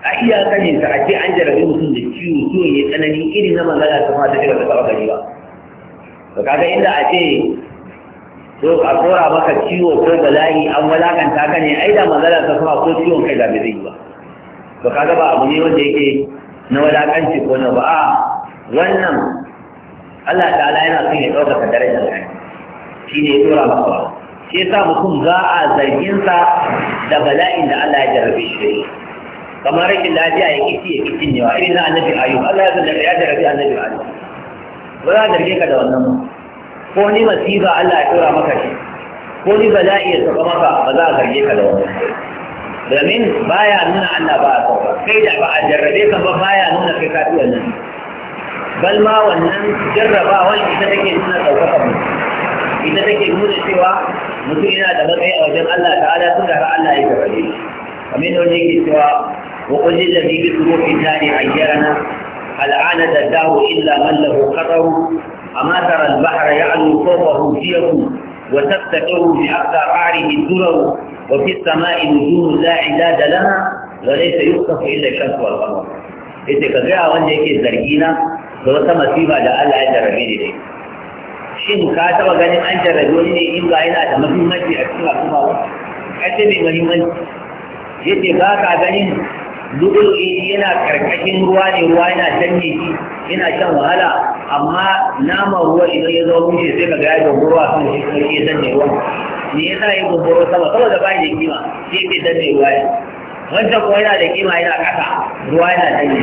a iya kanin ta ake an jarabi mutum da ciwo ciwo ne tsanani irin na manzon Allah sallallahu alaihi wasallam ta gari ba to kaga inda a ce to a kora maka ciwo ko bala'i an walakanta ka ne ai da manzon Allah sallallahu alaihi ko ciwon kai da bai yi ba ba ka ba abu ne wanda yake na wadakanci ko na ba'a? wannan Allah ta'ala yana son ya ɗaukaka darajar kai shi ne ya tura maka ba shi sa mutum za a zarginsa da bala'in da Allah ya jarabe shi kamar rikin lafiya ya kici ya kicin yawa irin na annabi ayyu Allah ya zarrabe ya jarabe annabi ayyu ba za a zarge ka da wannan ko ni masifa Allah ya tura maka shi ko ni bala'i ya saba maka ba za a zarge ka da wannan domin baya nuna Allah ba a sauka sai da ba a jarrabe ka ba baya nuna kai ka tuwa nan balma ma wannan jarrabawar ita take nuna saukaka mu ita take nuna cewa mutum yana da matsayi a wajen Allah ta'ala tun da Allah ya jarrabe shi kamar da wani yake cewa wa kulli ladhi bi turufi tani ayyarana al'ana tadahu illa man lahu qadaru amma tara al-bahra ya'lu fawqahu fiyakum wa tattaqiru bi aqdarihi durau وفي السماء نجوم لا عداد لها وليس يخطف إلا الشمس والقمر إذا كذا وانجا يكي زرقينا فلسا مصيبة دا الله يجربيني دي شين كاتبا غني أن جربوني دي إن غاينا دا مهمتي أكتبا كما أكتبا مهمتي يتي باكا غني lu'ul'i yana karkashin ruwa ne ruwa yana canje shi yana shan wahala amma nama ruwa idan ya zama mushe sai ka ga ya gogoro a kan shi kuma shi ya danne ruwa me yasa ya gogoro sama saboda ba da kima shi yake danne ruwa ya wancan kuma yana da kima yana kasa ruwa yana danne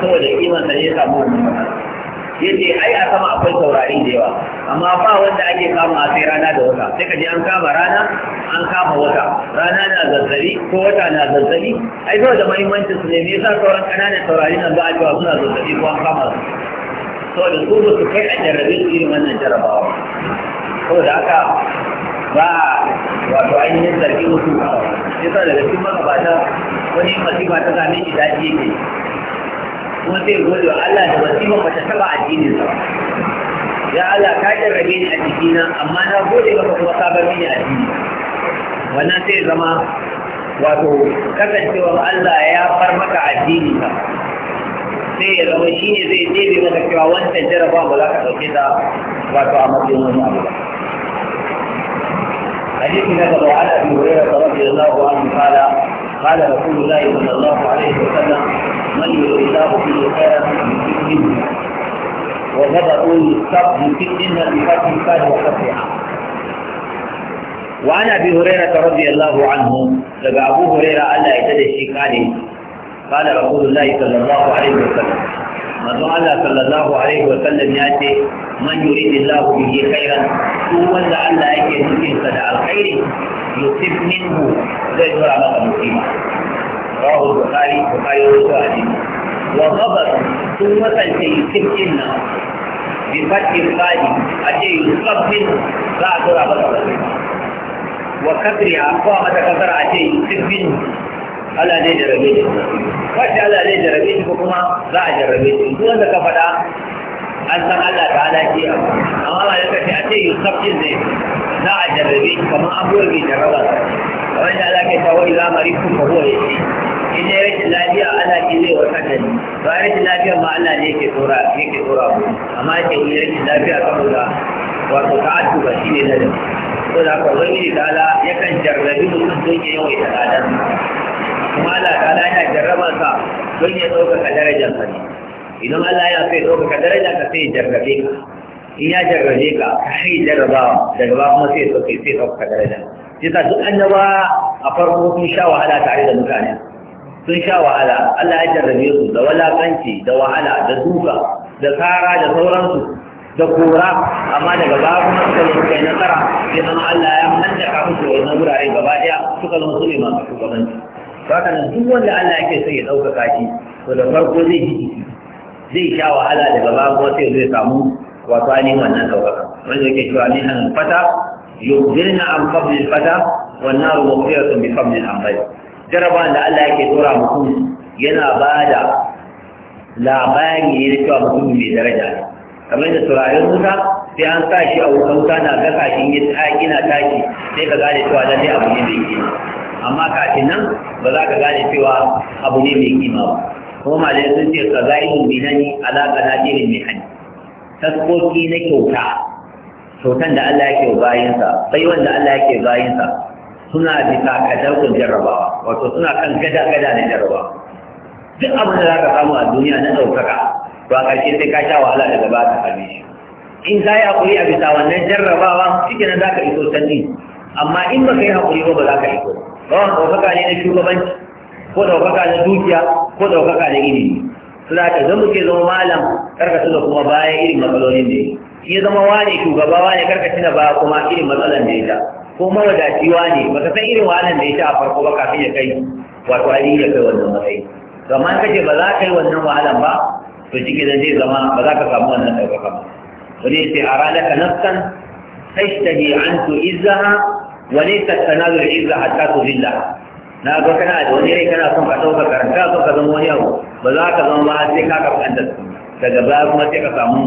saboda kimansa ne ya samu wannan yace ai a sama akwai taurari da yawa amma ba wanda ake kama a sai rana da wata sai ka ji an kama rana an kama wata rana na zazzabi ko wata na zazzabi ai dole da muhimmancin su ne me yasa sauran kananan taurari nan ba a cewa suna zazzabi ko an kama su da su su kai a jarrabe su irin wannan jarrabawa da haka ba wato ainihin zargi mutum yasa daga cikin magabata wani masifa ta same shi daji yake kuma zai gode wa Allah da wasiwa ba ta taba addinin ba. ya Allah ka jarrabe ni a jikina amma na gode maka kuma ka bar mini addini wannan sai zama wato kasancewar Allah ya far maka addini ka sai ya zama shi ne zai ɗebe maka cewa wancan jarraba ba za ka ɗauke ta wato a matsayin wani abu ba حديث هذا وعن ابي هريره رضي الله عنه قال قال رسول الله صلى الله عليه وسلم من يرد الله به خيرا يكتبه وبدأوا يكتب يكتبن بفتح الفاتحة وفتحها وعن ابي هريره رضي الله عنه لقى ابو هريره الا يتدى شيء قال قال رسول الله صلى الله عليه وسلم manzon Allah sallallahu alaihi wa sallam ya ce man yuridu Allah bihi khairan duk wanda Allah yake nufin sa da alkhairi yusuf minhu zai tura maka musiba rawu bukari bukari wasu hadisi wa gabar sun wasance yusuf din nan bi fatin fadi a ce yusuf din za a tura maka musiba wa kadri a kowa mata kasar a ce yusuf din Allah zai jarabe kuma a jarabe wanda ka faɗa an san Allah ta ala amma Allah ya ce a ce yusuf din ne za a jarrabe shi kamar abuwar bai jarraba kamar da Allah ke ta wani lamari kun ba ya ce in ne rashin lafiya Allah ke zai wata da ni ba rashin lafiya ma Allah ne yake tsora yake tsora mu amma ke yi rashin lafiya saboda wato ta'addu ba shi ne na da ko da ka wani da Allah yakan jarrabi mutum don ya yawaita ladan kuma Allah ta ala jarraba sa don ya ɗaukaka darajarsa ne idan Allah yana sai ɗaukaka daraja ka sai jarrabe ka in ya jarrabe ka ka jarrabawa daga ba kuma sai ɗauke sai ɗaukaka daraja yasa duk annaba a farko sun sha wahala tare da mutane sun sha wahala Allah ya jarrabe su da walakanci da wahala da duka da tsara da sauransu da kora amma daga babu suka suka yi nasara sai zama Allah ya mallaka musu wannan wurare gaba ɗaya suka zama su ne masu shugabanci haka nan duk wanda Allah yake sai ya ɗaukaka shi to da farko zai ji zai sha wahala daga babu wata zai samu wato ainihin wannan ɗaukaka wanda yake cewa ni an fata yubdirna an fadlil fata wannan ruwa mawqiratun bi an bai, jaraban da Allah yake tura mutum yana bada labari ne cewa mutum mai daraja ne kamar da turayen wuta sai an sa shi a wuta wuta na gasa shi ya tsaki na taki sai ka gane cewa lalle abu ne mai kima amma kafin nan ba za ka gane cewa abu ne mai kima ba ko malai sun ce ka ga bi binani alaƙa na jirin mai hani taskoki na kyauta kyautan da Allah yake bayansa sai wanda Allah yake bayansa suna bisa daukun jarrabawa wato suna kan gada-gada na jarrabawa duk abin da za ka samu a duniya na ɗaukaka ba a ƙarshe sai ka sha wahala daga ba ka same shi in ka yi haƙuri a bisa wannan jarrabawa shi kenan za ka iso canji amma in ba ka yi haƙuri ba ba za ka iso ba ɗaukaka ne na shugabanci ko ɗaukaka na dukiya ko ɗaukaka da iri su za ka zama ke zama malam karka da kuma bayan irin matsalolin da ya yi zama wane shugaba wane karka da ba kuma irin matsalan da ya ta ko mawadaciwa ne baka san irin wahalan da ya ta a farko ba kafin ya kai wato a ya kai wannan matsayi to amma kace ba za ka yi wannan wahalan ba to shi ke zai zama ba za ka samu wannan ɗaukaka ba wani ya ce a ranar ka nafsan sai ta an to izzaha wani ta da izza hatta to zillaha na ga kana da wani rai kana son ka dauka karanta son ka zama wani abu ba za ka zama ba sai ka su daga baya kuma sai ka samu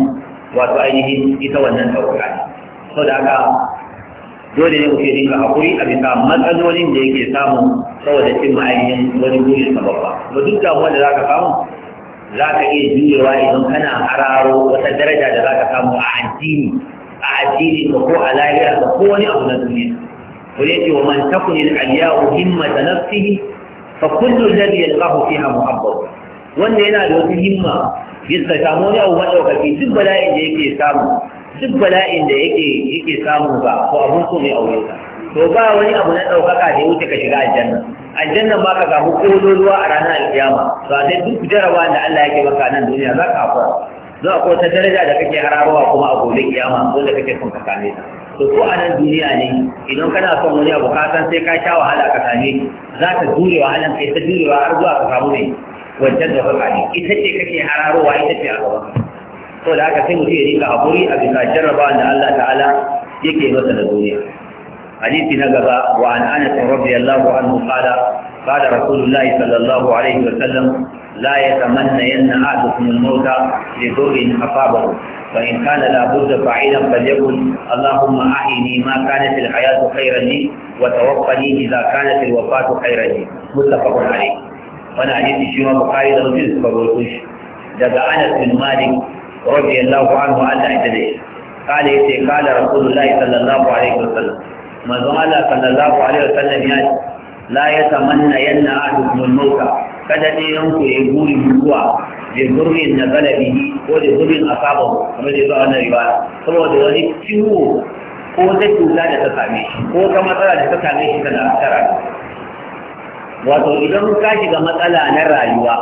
wato ainihin ita wannan ɗauka ne so da haka dole ne kuke dinga hakuri a bisa matsalolin da yake samu saboda cin ma'ainihin wani burin sa babba ba duk da wanda za ka samu za ka iya jurewa idan kana hararo wata daraja da za ka samu a addini a addini ko a lahira ko wani abu na duniya ويأتي ومن تكن العلياء همة نفسه فكل الذي يلقاه فيها محبط wanda yana da wata himma ya samu wani abu maɗaukaki duk da yake samu duk bala'in da yake samu ba ko abun so mai aure ka to ba wani abu na ɗaukaka da ya wuce ka shiga aljanna aljanna ma ka samu kololuwa a ranar alkiyama to a duk jarabawa da Allah yake maka nan duniya za ka haƙura za a wata daraja da kake harabawa kuma a gobe kiyama wanda kake son ka same ta to ko a nan duniya ne idan kana son wani abu ka san sai ka sha wahala ka same za ta jure wahalan kai ta jurewa har zuwa ka samu ne wancan da baka ne ita ce kake hararowa ita ce a gaba to da haka sai mutum ya rika hakuri a bisa jarrabawa da Allah ta'ala yake masa da duniya hadisi na gaba wa an anas radiyallahu anhu qala قال رسول الله صلى الله عليه وسلم لا يتمنى ين أحدكم الموت لضر أصابه فإن كان لابد فعيلا فليقل اللهم أحيني ما كانت الحياة خيرا لي وتوفني إذا كانت الوفاة خيرا لي متفق عليه وأنا حديث الشيخ البخاري لو جزء فبوتوش دقى أنس بن مالك رضي الله عنه أن اعتدل قال يتي قال رسول الله صلى الله عليه وسلم ما زال صلى الله عليه وسلم لا يتمنى ين أحدكم الموت kada ne yanku ya buri zuwa da gurbin na galabi ko da gurbin asabon kamar da zuwa wannan riba saboda wani ciwo ko ta cuta da ta same shi ko ta matsala da ta same shi tana ta wato idan ka shiga matsala na rayuwa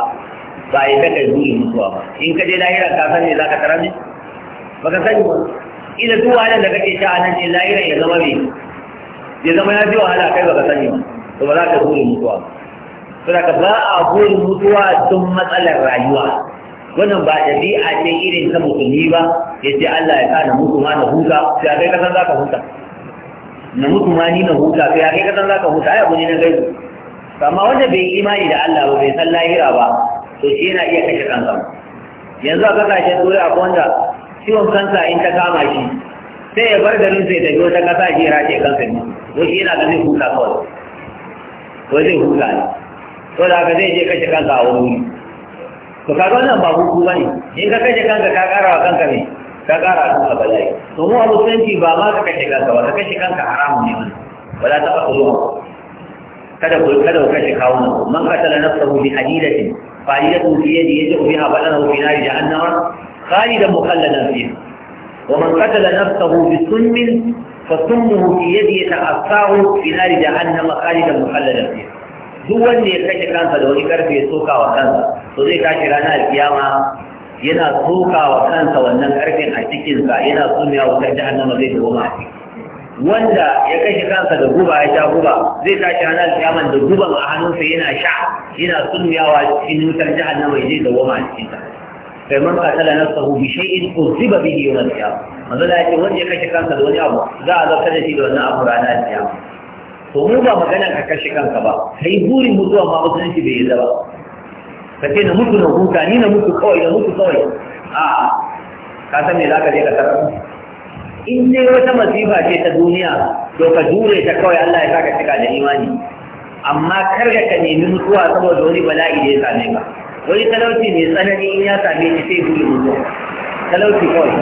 ba ya ka kai buri mutuwa ba in ka je lahira ka san ne za ka tara ne ba ka sani ba ila duk wahalar da kake sha nan ne lahira ya zama ne ya zama ya ji wahala kai ba ka sani ba to ba za ka buri mutuwa ba saboda ba a burin mutuwa sun matsalar rayuwa wannan ba ɗabi'a ce irin ta mutumi ba ya ce Allah ya kana mutu ma na huta sai kai kasan za ka huta na mutu ma ni na huta sai kai kasan za ka huta ai abu ne na gaisu amma wanda bai imani da Allah ba bai san lahira ba to shi yana iya kashe kansa yanzu a kasashen tsori a wanda ciwon kansa in ta kama shi sai ya bar garin sai tafi wata kasa shi ya race kansa ne to shi yana ganin huta kawai ko zai huta ne to da haka zai je kashe kanka a wuri to kaga wannan ba hutu ba ne in ka kashe kanka ka ƙara wa kanka ne ka kara a kanka bala'i to mu a musulunci ba ma ka kashe kanka ba ka kashe kanka haramun ne wannan ba za ta faɗa zuwa kada ku kada ku kashe kawunan ku man qatala nafsahu bi hadidatin fa hadidatu fi yadi yaj'u biha balanahu fi nari jahannama khalidan mukhalladan fiha wa man qatala nafsahu bi sunnin fa sunnuhu fi yadi yata'assahu fi nari jahannama khalidan mukhalladan fiha duk wanda ya kashe kansa da wani karfe ya soka wa kansa to zai tashi ranar kiyama yana soka wa kansa wannan karfin a cikinsa yana sumiya wutar jahannama zai goma a ciki wanda ya kashe kansa da guba ya sha guba zai tashi ranar kiyama da guban a hannunsa yana sha yana sumiyawa cikin wutar jahannama zai da goma a cikinsa kai man katala sahu bi shay'in uziba bihi yawm al-qiyamah manzo da yake wanda ya kashe kansa da wani abu za a zartar da shi da wannan abu ranar kiyama to mu ba maganar ka kashe kanka ba kai burin mutuwa ma musulunci bai yi zaba. ka ce na mutu na huta ni na mutu kawai na mutu kawai a ka san me za ka je ka tarar in ne wata masifa ce ta duniya to ka jure ta kawai Allah ya saka cika da imani amma kar ka nemi mutuwa saboda wani bala'i da ya same ka wani talauci mai tsanani in ya same shi sai burin mutuwa talauci kawai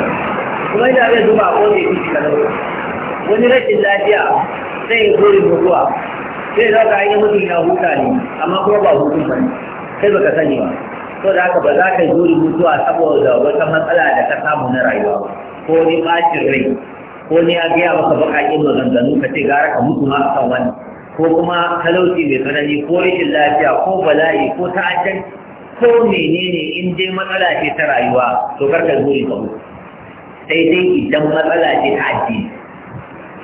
kuma ina zai zuba a da shi fi talauci wani rashin lafiya sai yi da mutuwa sai za ka yi mutum ya huta ne amma kuma ba hutun ba ne ba baka sani ba to da haka ba za ka yi da mutuwa saboda wata matsala da ka samu na rayuwa ba ko ni bacin rai ko ni ba gaya maka baƙaƙen maganganu ka ce gara ka mutu ma akan wani ko kuma talauci mai tsanani ko rashin lafiya ko bala'i ko ta'addan ko menene in dai matsala ce ta rayuwa to karka zo ka mutu sai dai idan matsala ce ta addini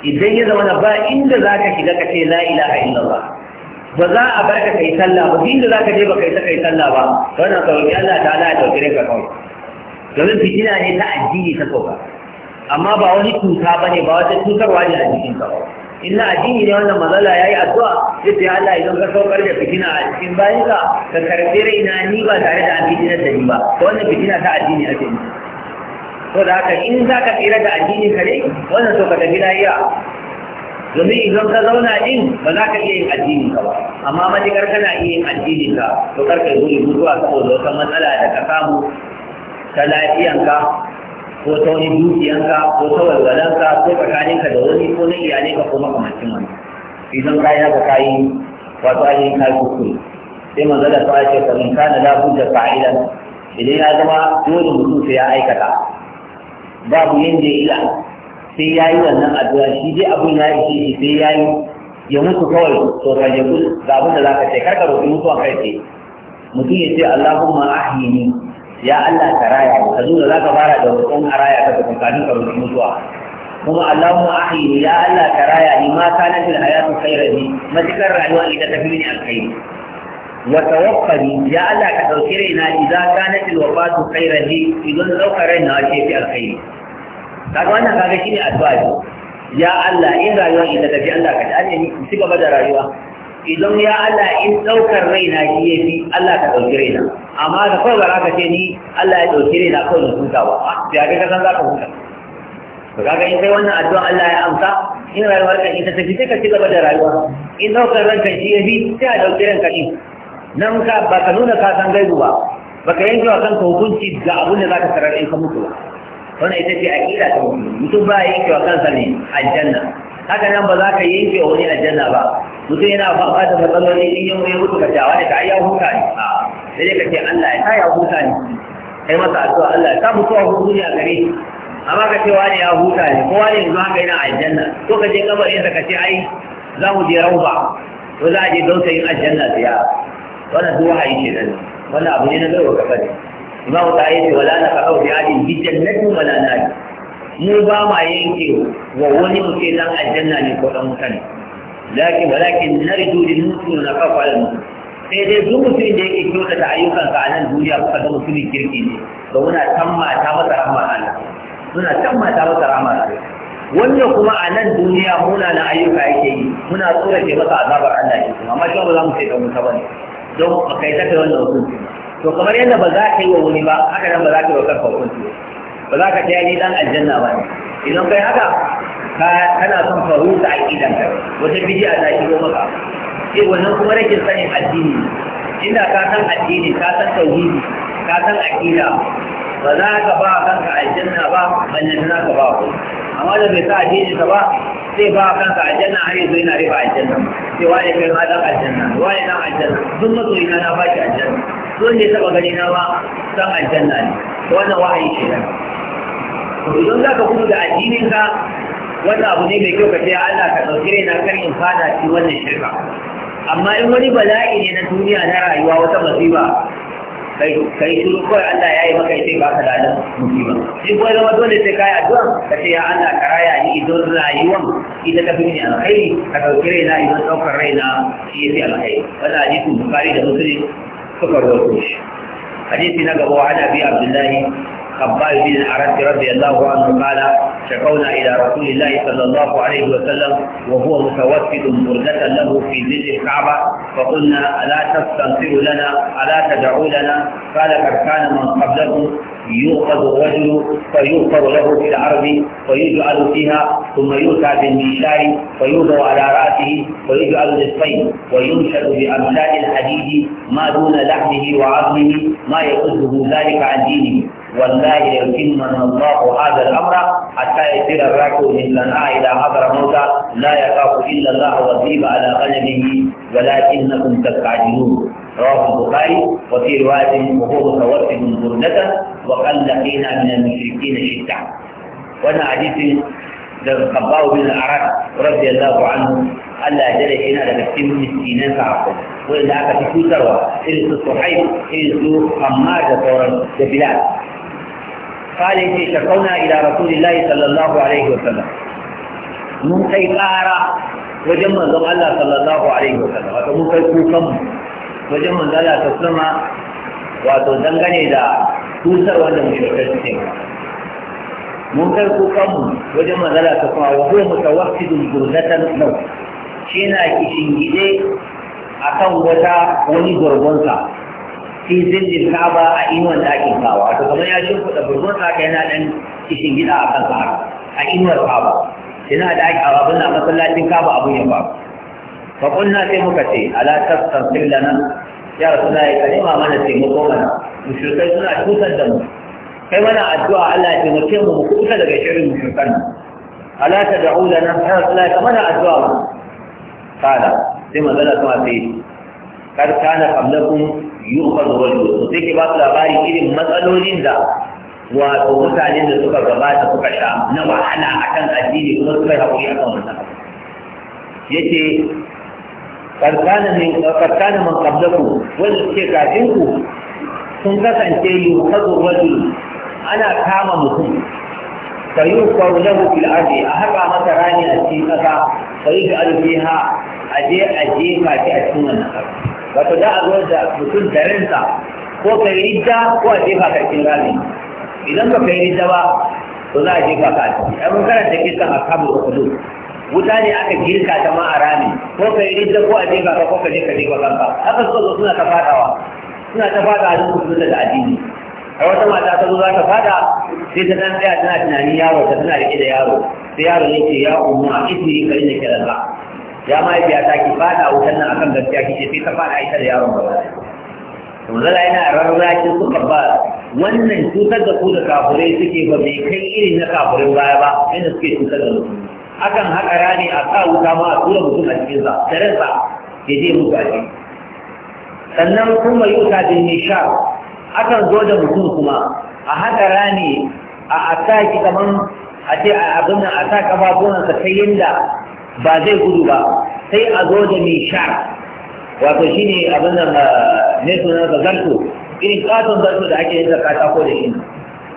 idan ya zama na ba inda za ka shiga ka ce la ilaha illallah ba za a bar ka kai sallah ba inda za ka je ba kai ta kai sallah ba wannan sauki Allah ta Allah ya dauke ka kawai domin fitina ne ta addini ta sauka amma ba wani cuta ba ne ba wata cutarwa ne a jikin ka inna addini ne wannan mazala ya yi addu'a ya ce Allah idan ka saukar da fitina a cikin bayanka ka karɓi raina ni ba tare da an fitinar da ni ba wannan fitina ta addini ake nufi ko da haka in za ka tsira da addinin ka ne wannan to ka tafi lahiya domin idan ka zauna din ba za ka iya yin addini ka ba amma matukar kana iya yin addini ka to karka yi mutuwa saboda wata matsala da ka samu ta lafiyanka ko ta wani dukiyanka ko ta walwalanka ko tsakaninka da wani ko na iyalai ka ko makamancin wani idan ka yi haka ka yi wato ainihin ka yi kuskure sai manzala ta ce ka in kana la budda fa'ilan idan ya zama dole mutum sai ya aikata babu yanda ila sai ya yi wannan addu'a shi dai abin ya ishe shi sai ya yi ya mutu kawai to rage ku ga abin da zaka ka ce karka roƙi mutuwa kai ce mutum ya ce Allahumma ahyini ya Allah ka raya ka zo da za ka fara da wannan araya raya ka tukun kafin ka roƙi mutuwa kuma Allahumma ahyini ya Allah ka raya ni ma kana fil hayatu khairan ni matakar rayuwa ita ta fi ni alkhairi wa tawaffani ya Allah ka dauki raina idan kanat alwafatu khairan li idan dauka raina ce fi alkhairi kaga wannan kaga shine addu'a ya Allah in rayuwa idan tafi Allah ka dace ni ci gaba da rayuwa idan ya Allah in daukar raina shi fi, Allah ka dauki raina amma da kawai bara ka ce ni Allah ya dauki raina kawai da huta ba ya ga san za ka huta to kaga in kai wannan addu'a Allah ya amsa in rayuwar ka ta tafi sai ka ci gaba da rayuwa in daukar ranka shi ya fi sai a dauki ranka din nan ka ba ka nuna ka san gaibu ba ba ka yanke wa kanka hukunci ga abin da za ka tarar in ka mutu ba wannan ita ce a kira ta mutum ba ya yanke wa kansa ne aljanna haka nan ba za ka yanke wa wani aljanna ba mutum yana fafa da matsaloli in yi wani mutu ka tawa wani ka ai huta ne a sai dai ka ce Allah ya sa ya huta ne kai masa addu'a Allah ya sa a hukun ne a gare amma ka ce wani ya huta ne ko wani yanzu haka yana aljanna ko ka je kamar yadda ka ce ai za mu je rauba ko za a je dausayin aljanna siya wannan duk wahayi ce nan wannan abu ne na zai kafa ne imamu ta yi wala na kafa bi adin bi jannati wala nari mu ba ma yanke wa wani mu ce dan aljanna ne ko dan mutane lakin walakin naridu lil mutu na kafa al muslimin sai dai duk mutum da yake kyauta da ayyukansa a nan duniya kuka zama mutumin kirki ne ba muna tammata masa rahmar Allah muna tammata masa rahmar Allah wanda kuma a nan duniya muna na ayyuka yake yi muna tsorace masa azabar Allah ne kuma amma shi ba za mu ce da mu ta don a kai ta kai wannan hukunci to kamar yadda ba za ka yi wa wani ba haka nan ba za ka yi wa kanka hukunci ba za ka ta dan aljanna ba ne idan kai haka kana son ka rusa aqidan ka wata bid'a ta shigo maka sai eh, wannan kuma rashin sanin addini inda ka san addini ka san tauhidi ka san aqida ba za ka ba kanka aljanna ba balle za ka ba amma da bai sa addini ka ba zai ba kansa aljanna har yanzu yana riba aljanna sai wani kai ma dan aljanna wani dan aljanna duk masoyi na na baki aljanna duk ne taba gani na ma dan aljanna ne to wannan wahayi ce nan idan za ka gudu da addinin ka wannan abu ne mai kyau ka ce Allah ka ɗauki raina kar in fada ci wannan shirka amma in wani bala'i ne na duniya na rayuwa wata masifa kai kai shiru kawai Allah ya yi maka ita ba ka da alam musiba shi kawai zama dole sai kai addu'a ka ce ya Allah ka raya ni idan rayuwan ita ta fi ni alkhairi ka dauki raina idan ɗaukar raina shi ya fi alkhairi wannan hadisin bukari da muslim suka rawaito shi hadisi na gaba wa ana bi abdullahi خباب بن الحرس رضي الله عنه قال شكونا إلى رسول الله صلى الله عليه وسلم وهو متوسد بردة له في ظل الكعبة فقلنا ألا تستنصر لنا ألا تدعو لنا قال قد كان من قبلكم يؤخذ الرجل فيغفر له في العرض ويجعل فيها ثم يؤتى بالمنشار فيوضع على رأسه ويجعل نصفين وينشد بأمثال الحديد ما دون لحمه وعظمه ما يصده ذلك عن دينه والله ليتمن الله هذا الامر حتى يصير الراكب مثلنا اذا حضر موتى لا يخاف الا الله والذيب على غنمه ولكنكم تستعجلون رواه البخاري وفي رواية وهو متوسد برنة وقل لقينا من المشركين شتى وانا حديث الخباب بن العراق رضي الله عنه ألا جل هنا لتكتم مسكينا فعقل وإذا أكا في سوسروا إلي سوحيب إلي سو خمار ثورا لبلاد قال إنتي شكونا إلى رسول الله صلى الله عليه وسلم من كي قارا وجمع الله صلى الله عليه وسلم ومن كي wajen manzala ta sama wato dangane da tusar wanda mushrikai suke mun kai kukanmu wajen manzala ta sama wa huwa mutawaffidun gurdatan nau shi na kishingide a kan wata wani gurgunsa fi zindin kaba a inuwan ɗakin kawa wato kamar ya kuɗa, gurgunsa ka yana ɗan kishingida a kan kawa a inuwar kaba Ina da ake a babin masallacin kaba abun ya faru faƙunna sai muka ce ala tafsir lana ya rasu na yi kalima mana taimako mana mushrikai suna cutar da mu kai mana addu'a Allah ya taimake mu mu kusa daga shirin mushrikan ala ta da'u lana ya rasu na yi kamar addu'a mu kala sai manzala kuma sai kar kana qablakum yu'khadhu wal yusuf sai ke ba su labari irin matsalolin da wato mutanen da suka gabata suka sha na wahala akan addini kuma suka yi haƙuri akan wannan yace karkana ne karkana man qablaku wanda suke kafin ku sun kasance hukazu wajen ana kama mutum fayu yi lahu fil ardi a haka masa rani a cikin kasa yi da alfiha a je a jefa a cikin wannan kasa wato da a zuwa da mutum da rinsa ko ka yi ridda ko a je ka cikin rami idan ba ka yi ridda ba to za a je ka a ciki abin karanta kisan a kabin wuta ne aka girka ta ma a rami ko ka yi rinta ko a jefa ka ko ka je ka jefa kanka haka suka zo suna ta fadawa suna ta fada duk mutum da addini a wata mata ta zo za ta fada sai ta dan tsaya tana tunanin yaro ta tana rike da yaro sai yaro ya umu ya umma ismi ka inda ke da ya mahaifiya ta ki fada wutan nan akan gaskiya kike sai ta fada ita da yaron gaba to zala yana rarrakin su ba wannan cutar da ku da kafurai suke ba bai kai irin na kafurai baya ba inda suke cutar da mutum akan haka rani a sa wuta ma a tura mutum a cikin sa tare sa ke je mu gaji sannan kuma yi wuta bin nisha akan zo da mutum kuma a haka rani a asa ki kaman a ce a abin nan a sa kafafunansa ta yinda ba zai gudu ba sai a zo da nisha wato shine abin nan ne eh, sunan zarto irin katon zarto da ake yin katako ko da shi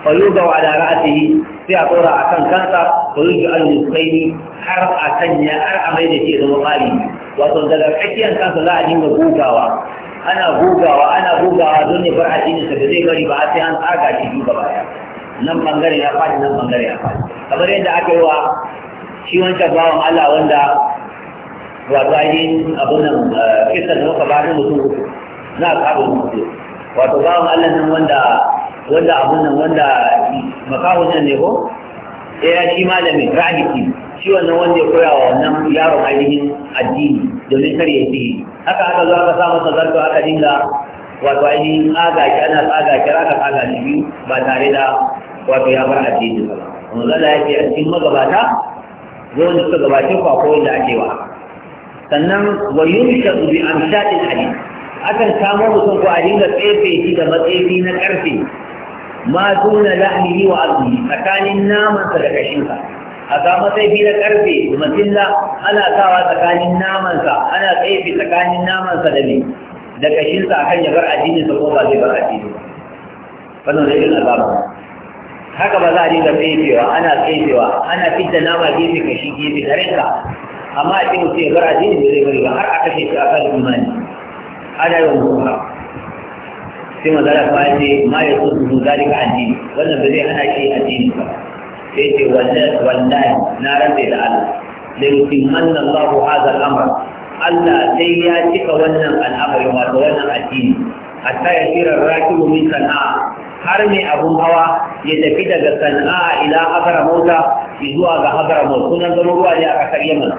fa wa ala ra'atihi sai a tsora a kan kansa fa yuga al musaini har a sanya har a mai da shi zama mali wato daga tsakiyar kansa za a dinga gugawa ana gugawa ana gugawa don ya bar addinin sa da zai bari ba sai an tsaga shi duka baya nan bangare ya faɗi nan bangare ya faɗi kamar yadda aka yi wa shi wancan bawan Allah wanda wato ainihin abin nan kisan da muka ba mutum uku na kabin mutum wato bawan Allah nan wanda wanda abun nan wanda makahu nan ne ko ya eh, shi malamin radiki shi wannan wanda ya koya wa wannan yaron ainihin addini domin kar ya sihiri haka aka zo aka samu masa zarto aka dinga wato ainihin tsaga ki ana tsaga ki raka tsaga shi biyu ba tare da wato ya bar addini ba wanda ya ce a cikin magabata zo wanda suka gabace ku akwai wanda ake wa sannan wa yumsha bi amshatil hadith akan samu mutum ko a dinga tsefe shi da matsefi na karfe ma duna lahmihi wa azmi tsakanin namansa da kashinsa a ga matsayi da karfe masilla ana sawa tsakanin namansa ana tsaifi tsakanin namansa da ne da kashinsa akan ya bar addinin sa ko ba zai bar addini wannan da irin azaba haka ba za a dinga tsaifewa ana tsaifewa ana fidda nama gefe kashi gefe da rinka amma a cikin sai bar addini da zai bari ba har a kashe shi akan imani ana yawan kuma sai magana fa ce ma ya so su addini wannan ba zai hana shi addini ba sai ce wallahi na rabe da Allah da yutimmanna Allahu hadha al Allah sai ya cika wannan al'amari wato wannan addini hatta ya tira rakibu sana'a har mai abun hawa ya tafi daga sana'a ila hadara mota zuwa ga hadara mota sunan zama ruwa ne a kasar Yemen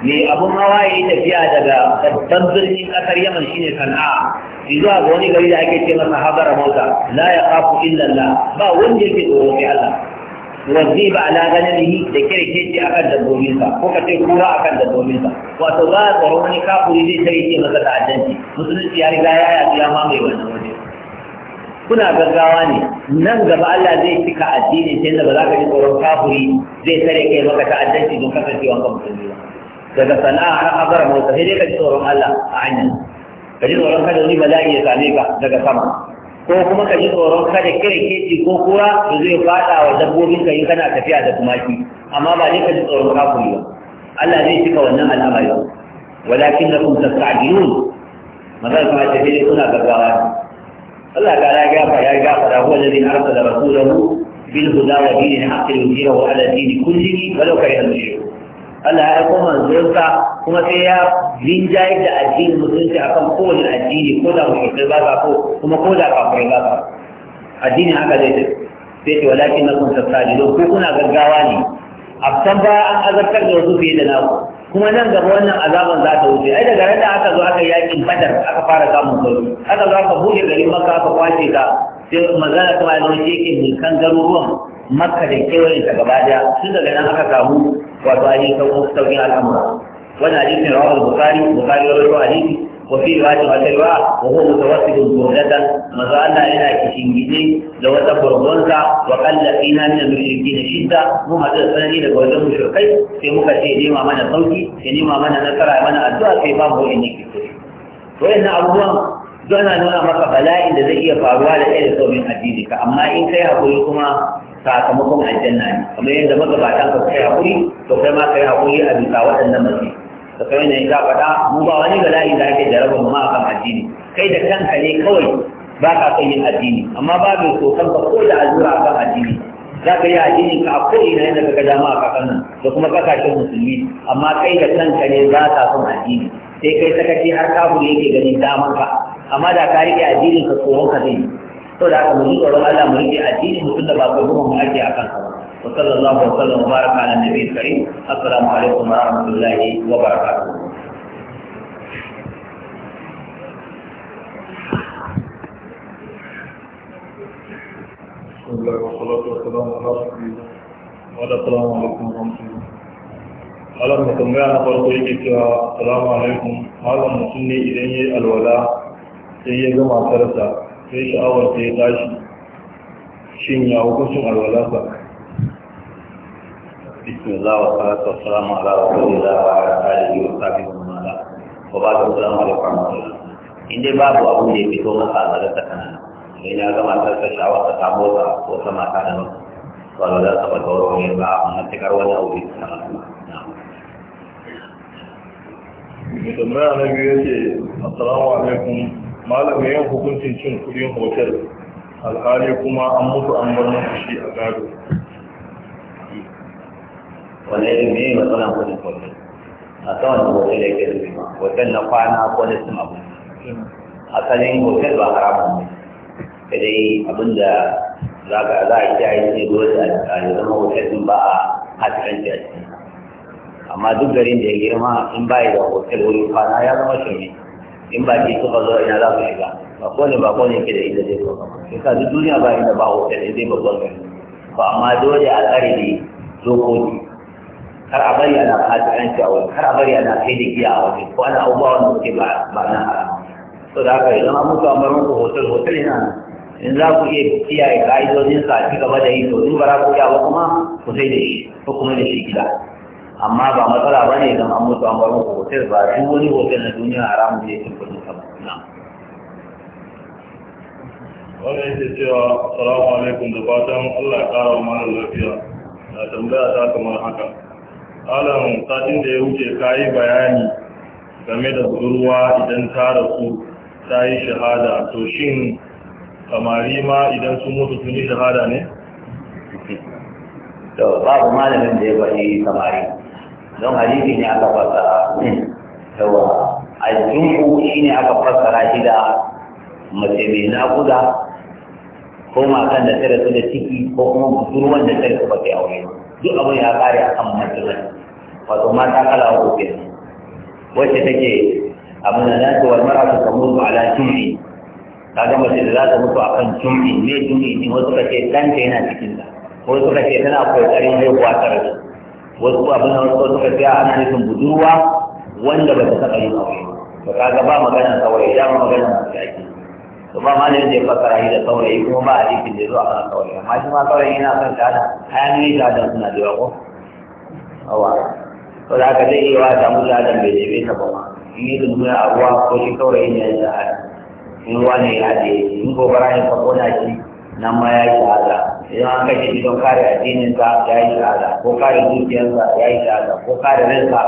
mai abun hawa ya yi tafiya daga babban birnin ƙasar yaman shine sana'a zuwa ga wani gari da ake ce masa habara mota la ya kafu illallah ba wanda yake tsoro sai Allah wazi ba ala yi da kire ce akan sa, ko ka ce kura akan sa wato ba a tsoro wani kafuri zai tare ce masa da addanci musulunci ya riga ya yaɗu ya mai wannan waje kuna gaggawa ne nan gaba Allah zai cika addinin ta yadda ba za ka ji tsoron kafuri zai tare kai maka ta'addanci don kasancewa kan mutum ba daga sana'a har azara mota sai dai ka ji tsoron Allah a hanya. ka ji tsoron kada wani bala'i ya same ka daga sama ko kuma ka ji tsoron kada kai keji ko kura da zai fada wa dabbobin ka in kana tafiya da tumaki amma ba dai ka ji tsoron kafuri ba Allah zai cika wannan al'amari walakin na kun tasta'jilun magana kuma ta dai suna gaggawa Allah ta ya gafa ya gafa da huwa alladhi arsala rasulahu bil huda wa dinil haqqi liyudhhirahu ala dini kullihi walau kariha al-mushrikun Allah ya aiko manzonsa kuma sai ya rinjaye da addinin musulunci akan kowane addini ko da mushrikai ba sa ko kuma ko da kafirai ba sa addinin haka zai tafi sai ce walakin na kun sassali don ko kuna gaggawa ne a san ba an azabtar da wasu fiye da naku kuma nan gaba wannan azaban za ta wuce ai daga ranar aka zo aka yakin badar aka fara samun sauri aka zo aka buɗe garin maka aka kwace ka sai magana kuma ya zo shekin mulkan garuruwan makka da kewayen ta gaba daya tun daga nan aka samu wato ainihin sauƙin al'amura wani hadisin rawar bukari bukari ya rawaito hadisi wa fi riwayatin al-riwa wa huwa mutawassidun burdatan maza Allah yana kishingide da wata burbunsa wa qalla fina min al-mushrikin shidda mu hada sanani daga wajen mushrikai sai muka ce nema mana sauki sai nema mana nasara mana addu'a sai ba mu wani kike wayannan abubuwan don nuna maka bala'in da zai iya faruwa da ɗaya da sauyin addini ka amma in kai haƙuri kuma sakamakon aljanna ne kamar yadda magabatan ka kai hakuri to kai ma kai hakuri a bisa waɗannan mace da kai ne ka faɗa mu ba wani bala'i da ake jaraba mu ma akan addini kai da kanka ne kawai ba ka kai yin addini amma babu so kanka ko da azura akan addini za ka yi addini ka a ina yadda ka ga dama a kakan nan da kuma kasashen musulmi amma kai da kanka ne ba ka son addini sai kai sakaci har kafin yake ganin damanka amma da ka rike addinin ka tsoron ka zai saboda da aka mu ji Allah mu rike addini mutum da ba ko goma mu ake akan sa wa sallallahu alaihi wa sallam baraka ala nabiyil karim assalamu alaikum wa rahmatullahi wa barakatuh بسم الله والصلاة والسلام على رسول الله وعلى السلام عليكم ورحمة الله على المتنبع نفر طريق السلام ya هذا المسني sai sha'awar ta ya tashi shin ya hukuncin alwala ba bismillah wa salatu wa salamu ala rasulillah wa a alihi wa sahbihi wa man wala ko ba assalamu alaikum wa rahmatullah in dai babu abu da ya fito masa alwala ta kana idan ya ga matar ta sha'awa ta samu ta ko ta mata da mata to alwala ta ba ta wani ba amma ta karwani aure ta kana tambaya na biyu yake assalamu alaikum malam yayin hukuncin cin kudin hotel alhali kuma an mutu an bar masa shi a gado wani irin ne matsalan kudin hotel a tsawon da hotel yake rufe ma hotel na kwana ko na sim abu asalin hotel ba haramun ne dai abinda za a za a kiyaye ne dole a ya zama hotel din ba a hasiranci a amma duk garin da ya girma in ba da hotel wurin kwana ya zama shirme in ba ke suka zuwa ina za ku shiga ba ko ne ba ko ne ke da inda zai so in ka duniya ba inda ba hotel zai babban gari ba amma dole a tsare ne dokoki kar a bari ana fasikanci a wani kar a bari ana kai da giya a wani ko ana abubuwa wanda suke ba ba na haram so da haka idan an mutu an bar muku hotel hotel ina in za ku iya kiyaye ka'idodinsa a ci gaba da yi to in ba za ku iya ba kuma ku sai da shi ko kuma da shi gida amma ba matsala ba ne idan an mutu an bar muku hotel ba duk wani hotel na duniya haram ne cin kudin sa ba wannan yake cewa assalamu alaikum da fatan Allah ya kara wa malam lafiya na tambaya ta kamar haka alam satin da ya wuce kayi bayani game da budurwa idan ta rasu ta yi shahada to shin kamari ma idan sun mutu sun yi shahada ne? to babu malamin da ya bari samari don hadisi ne aka fassara yawa shi ne aka fassara shi da mace mai naƙuda ko matan da tare da ciki ko kuma budurwan da tare ba ta aure duk abin ya kare a kan mace wato mata kala uku kenan wacce take abin da zata wal mar'atu su ala ta kaga mace da za ta mutu a kan jumhi ne jumhi ne wasu kace danta yana cikin ta wasu kace tana kokarin haihuwa ta rasu wasu abin da wasu suka tsaya ana nufin budurwa wanda ba ta taɓa yin aure ba kaga ba maganin saurayi dama maganar masu yaki to ba malamin da ya fassara shi da saurayi kuma ba cikin da ya zo a kan saurayi amma shi ma saurayi yana son shahada hanyoyin shahada suna da yawa ko awa to da aka zai iya wa ta mutu adam bai neme ta ba ma in yi lumuna a ruwa ko shi saurayi ne ya shahada in ruwa ne ya haɗe in gobara ne farko na shi nan ma ya yi shahada idan an kashe shi don kare addininsa ya yi shahada ko kare dukiyarsa ya yi shahada ko kare ransa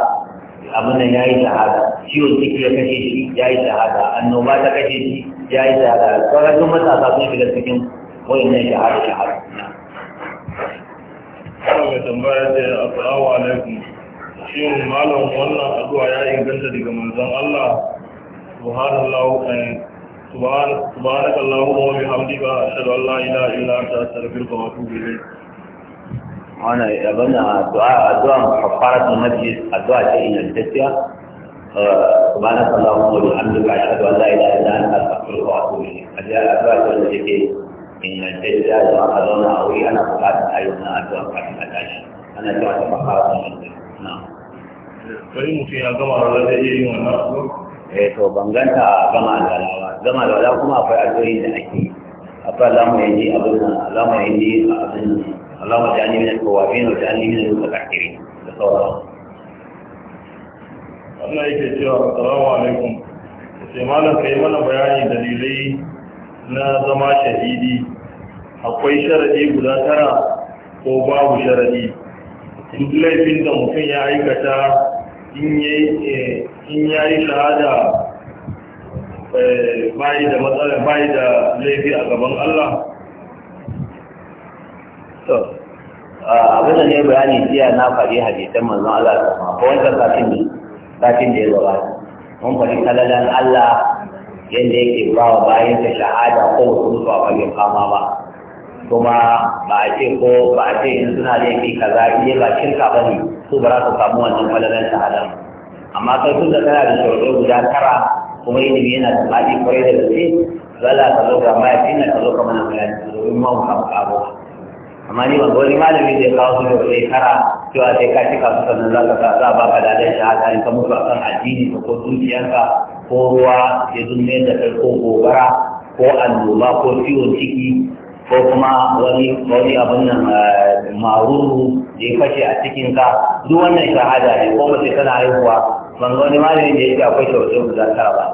abin nan ya yi shahada ciwon ciki ya kashe shi ya yi shahada annoba ta kashe shi ya yi shahada sauran duk matasa sun shiga cikin wayannan shahada shahada. Kana mai tambaya ce assalamu alaikum shin malam wannan addu'a ya inganta daga manzon Allah subhanallahu eh, سبحانك اللهم وبحمدك أشهد أن لا إله إلا أنت أستغفرك وأتوب إليك ana abin addu'a addu'a kafaratul majlis addu'a ce ingantacciya subhanak allahumma wa bihamdika ashhadu an la ilaha illa anta astaghfiruka wa atubu ilayk addu'a addu'a ce wanda take ingantacciya da aka zauna a wuri ana buƙatar a yi wannan addu'a kafin a tashi ana cewa ta kafaratul majlis na'am sai mutum ya gama da iya yin wannan eh to banganta a gama da alawa gama da alawa kuma akwai addu'o'i da ake yi akwai alamu yanzu abin nan alamu yanzu abin alamu da annabi na tawabin da annabi na rubuta kakiri da sauransu Allah yake cewa assalamu alaikum sai malam kai mana bayani dalilai na zama shahidi akwai sharadi guda tara ko babu sharadi duk laifin da mutum ya aikata in ya yi eh, shahada eh, bayi da matsala bayi da laifi a gaban Allah to abin da ne bayani jiya na faɗi hadisan manzon Allah ta ko wanda kafin ne kafin da ya gabata mun faɗi kalalan Allah yadda yake ba wa bayan da shahada ko wasu mutu a fagen fama ba kuma ba a ce ko ba a ce in suna laifi kaza iya ba shirka ba ne su ba za su samu wannan kwalalan shahadar amma kai tun da kana da sharuɗe guda tara kuma ilimi yana da faɗi kwarai da gaske zala ka zo ga mayafi na ka zo ka mana bayani domin ma mu samu ƙaro amma ni ban wani malami zai kawo su sharuɗe tara cewa sai ka cika su sannan za ka za a baka ladan shahada in ka mutu a kan addini ko dukiyarka ko ruwa ya zumme da kai ko gobara ko annoba ko ciwon ciki ko kuma wani wani abin nan eh, maruru da ya fashe a cikin ka duk wannan shahada ne ko mace tana haihuwa ban ga wani malami da yake akwai kyautar guda tara ba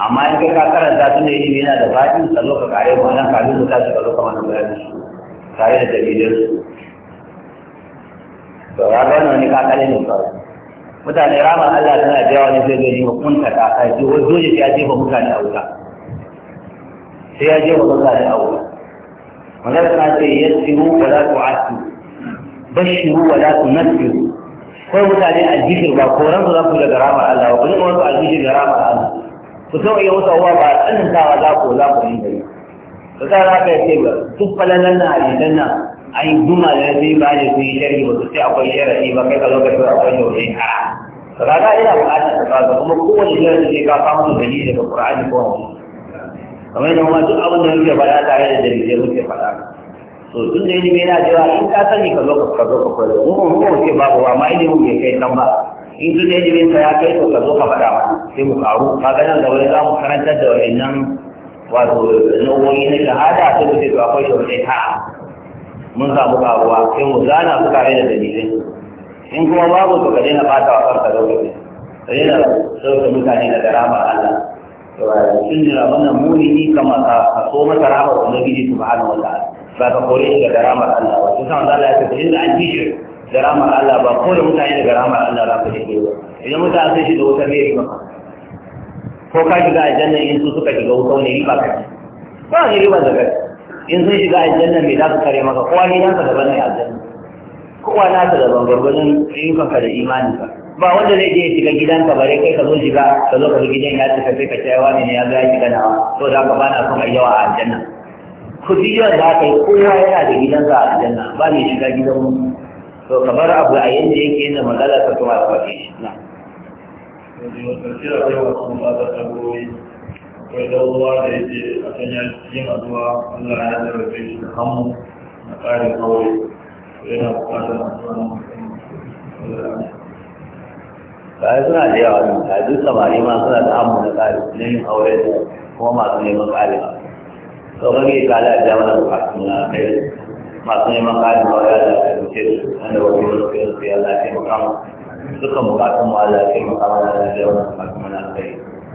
amma in kai ka karanta tun da ilimi yana da faɗi ka zo ka kare mu nan kafin su tashi ka zo ka mana bayanin su tare da dalilan su to ya ga ne ka kare ne ba mutane rama Allah tana da yawa ne sai gani mu ta ka kai dole sai ya jefa mutane a wuta sai ya jefa mutane a wuta magana ta ce yassiru wa la tu'asu bashiru wa la tunfiru kai mutane aljishir ba koran su za ku daga ramar Allah ba kuma wasu aljishir da ramar Allah ku sau iya wasu abuwa ba tsanantawa za ku za ku yi gari ka sa za ka ce ba duk falalan na hadisan nan an yi duma da ya ba ne sun yi sharhi ba su ce akwai sharhi ba kai ka zo ka ce akwai sharhi a ka ga ina buƙatar ka kuma kowane sharhi sai ka samu dalili daga Qur'ani ko hadisi kamar yadda kuma duk abin da muke faɗa tare da dalilai muke faɗa to tun da ilimi na cewa in ka sani ka zo ka zo ka koyo mu mu mu ce babu ma ilimin bai kai nan ba in tun da ilimin ta ya kai to ka zo ka faɗa mana sai mu karu ka ga nan gaba za mu karantar da wayannan wato nau'o'i na shahada sai mu ce to akwai wani ta mun samu karuwa sai mu zana su yi da dalilai in kuma babu to ka daina ɓata wa kanka lokaci ka daina sauke mutane da garama Allah sun jira wannan mumini kama ka so masa rahmar ubangiji subhanahu wa ta'ala ba ka kore shi ga rahmar Allah ba sun san Allah ya ce inda an ji shi da rahmar Allah ba Ko da mutane daga rahmar Allah za ka shige ba idan mutane sun shiga wutar ne riba ko ka shiga aljanna in su suka shiga wutar ne riba ka ba ni riba da kai in sun shiga aljanna me za ka kare maka kowa ne yanka daban ne aljanna kowa na ta daban gwargwadon ayyukanka da imaninka ba wanda zai je ya shiga gidanka bare kai ka zo shiga ka zo ka zo gidan ya shiga sai ka ce wani ne ya zo ya shiga na to da ka bana son yawa a aljanna ku ji yawan da aka yi kowa yana da gidansa a aljanna ba mai shiga gidan mu to kamar abu a yanda yake yana magana ka kuma ka fashe shi na. akwai dawowa da yake a sanya yin addu'a Allah ya zarafe shi da hannu na ƙarin aure yana buƙatar addu'a na musamman bayan suna da yawa ne a duk samari ma suna da amu na ƙari na yin aure da kuma masu neman ƙari ba to kage ka da da wannan bukatu na kai masu neman ƙari ba ya da kace wanda wani lokacin su ya lafi makamu dukkan bukatun mu Allah ya makamu na da wannan bukatu na kai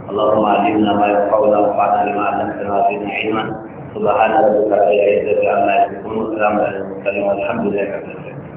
اللهم علمنا ما ينفعنا وانفعنا بما علمتنا وزدنا علما سبحان ربك رب العزه عما يصفون وسلام على المرسلين والحمد لله رب العالمين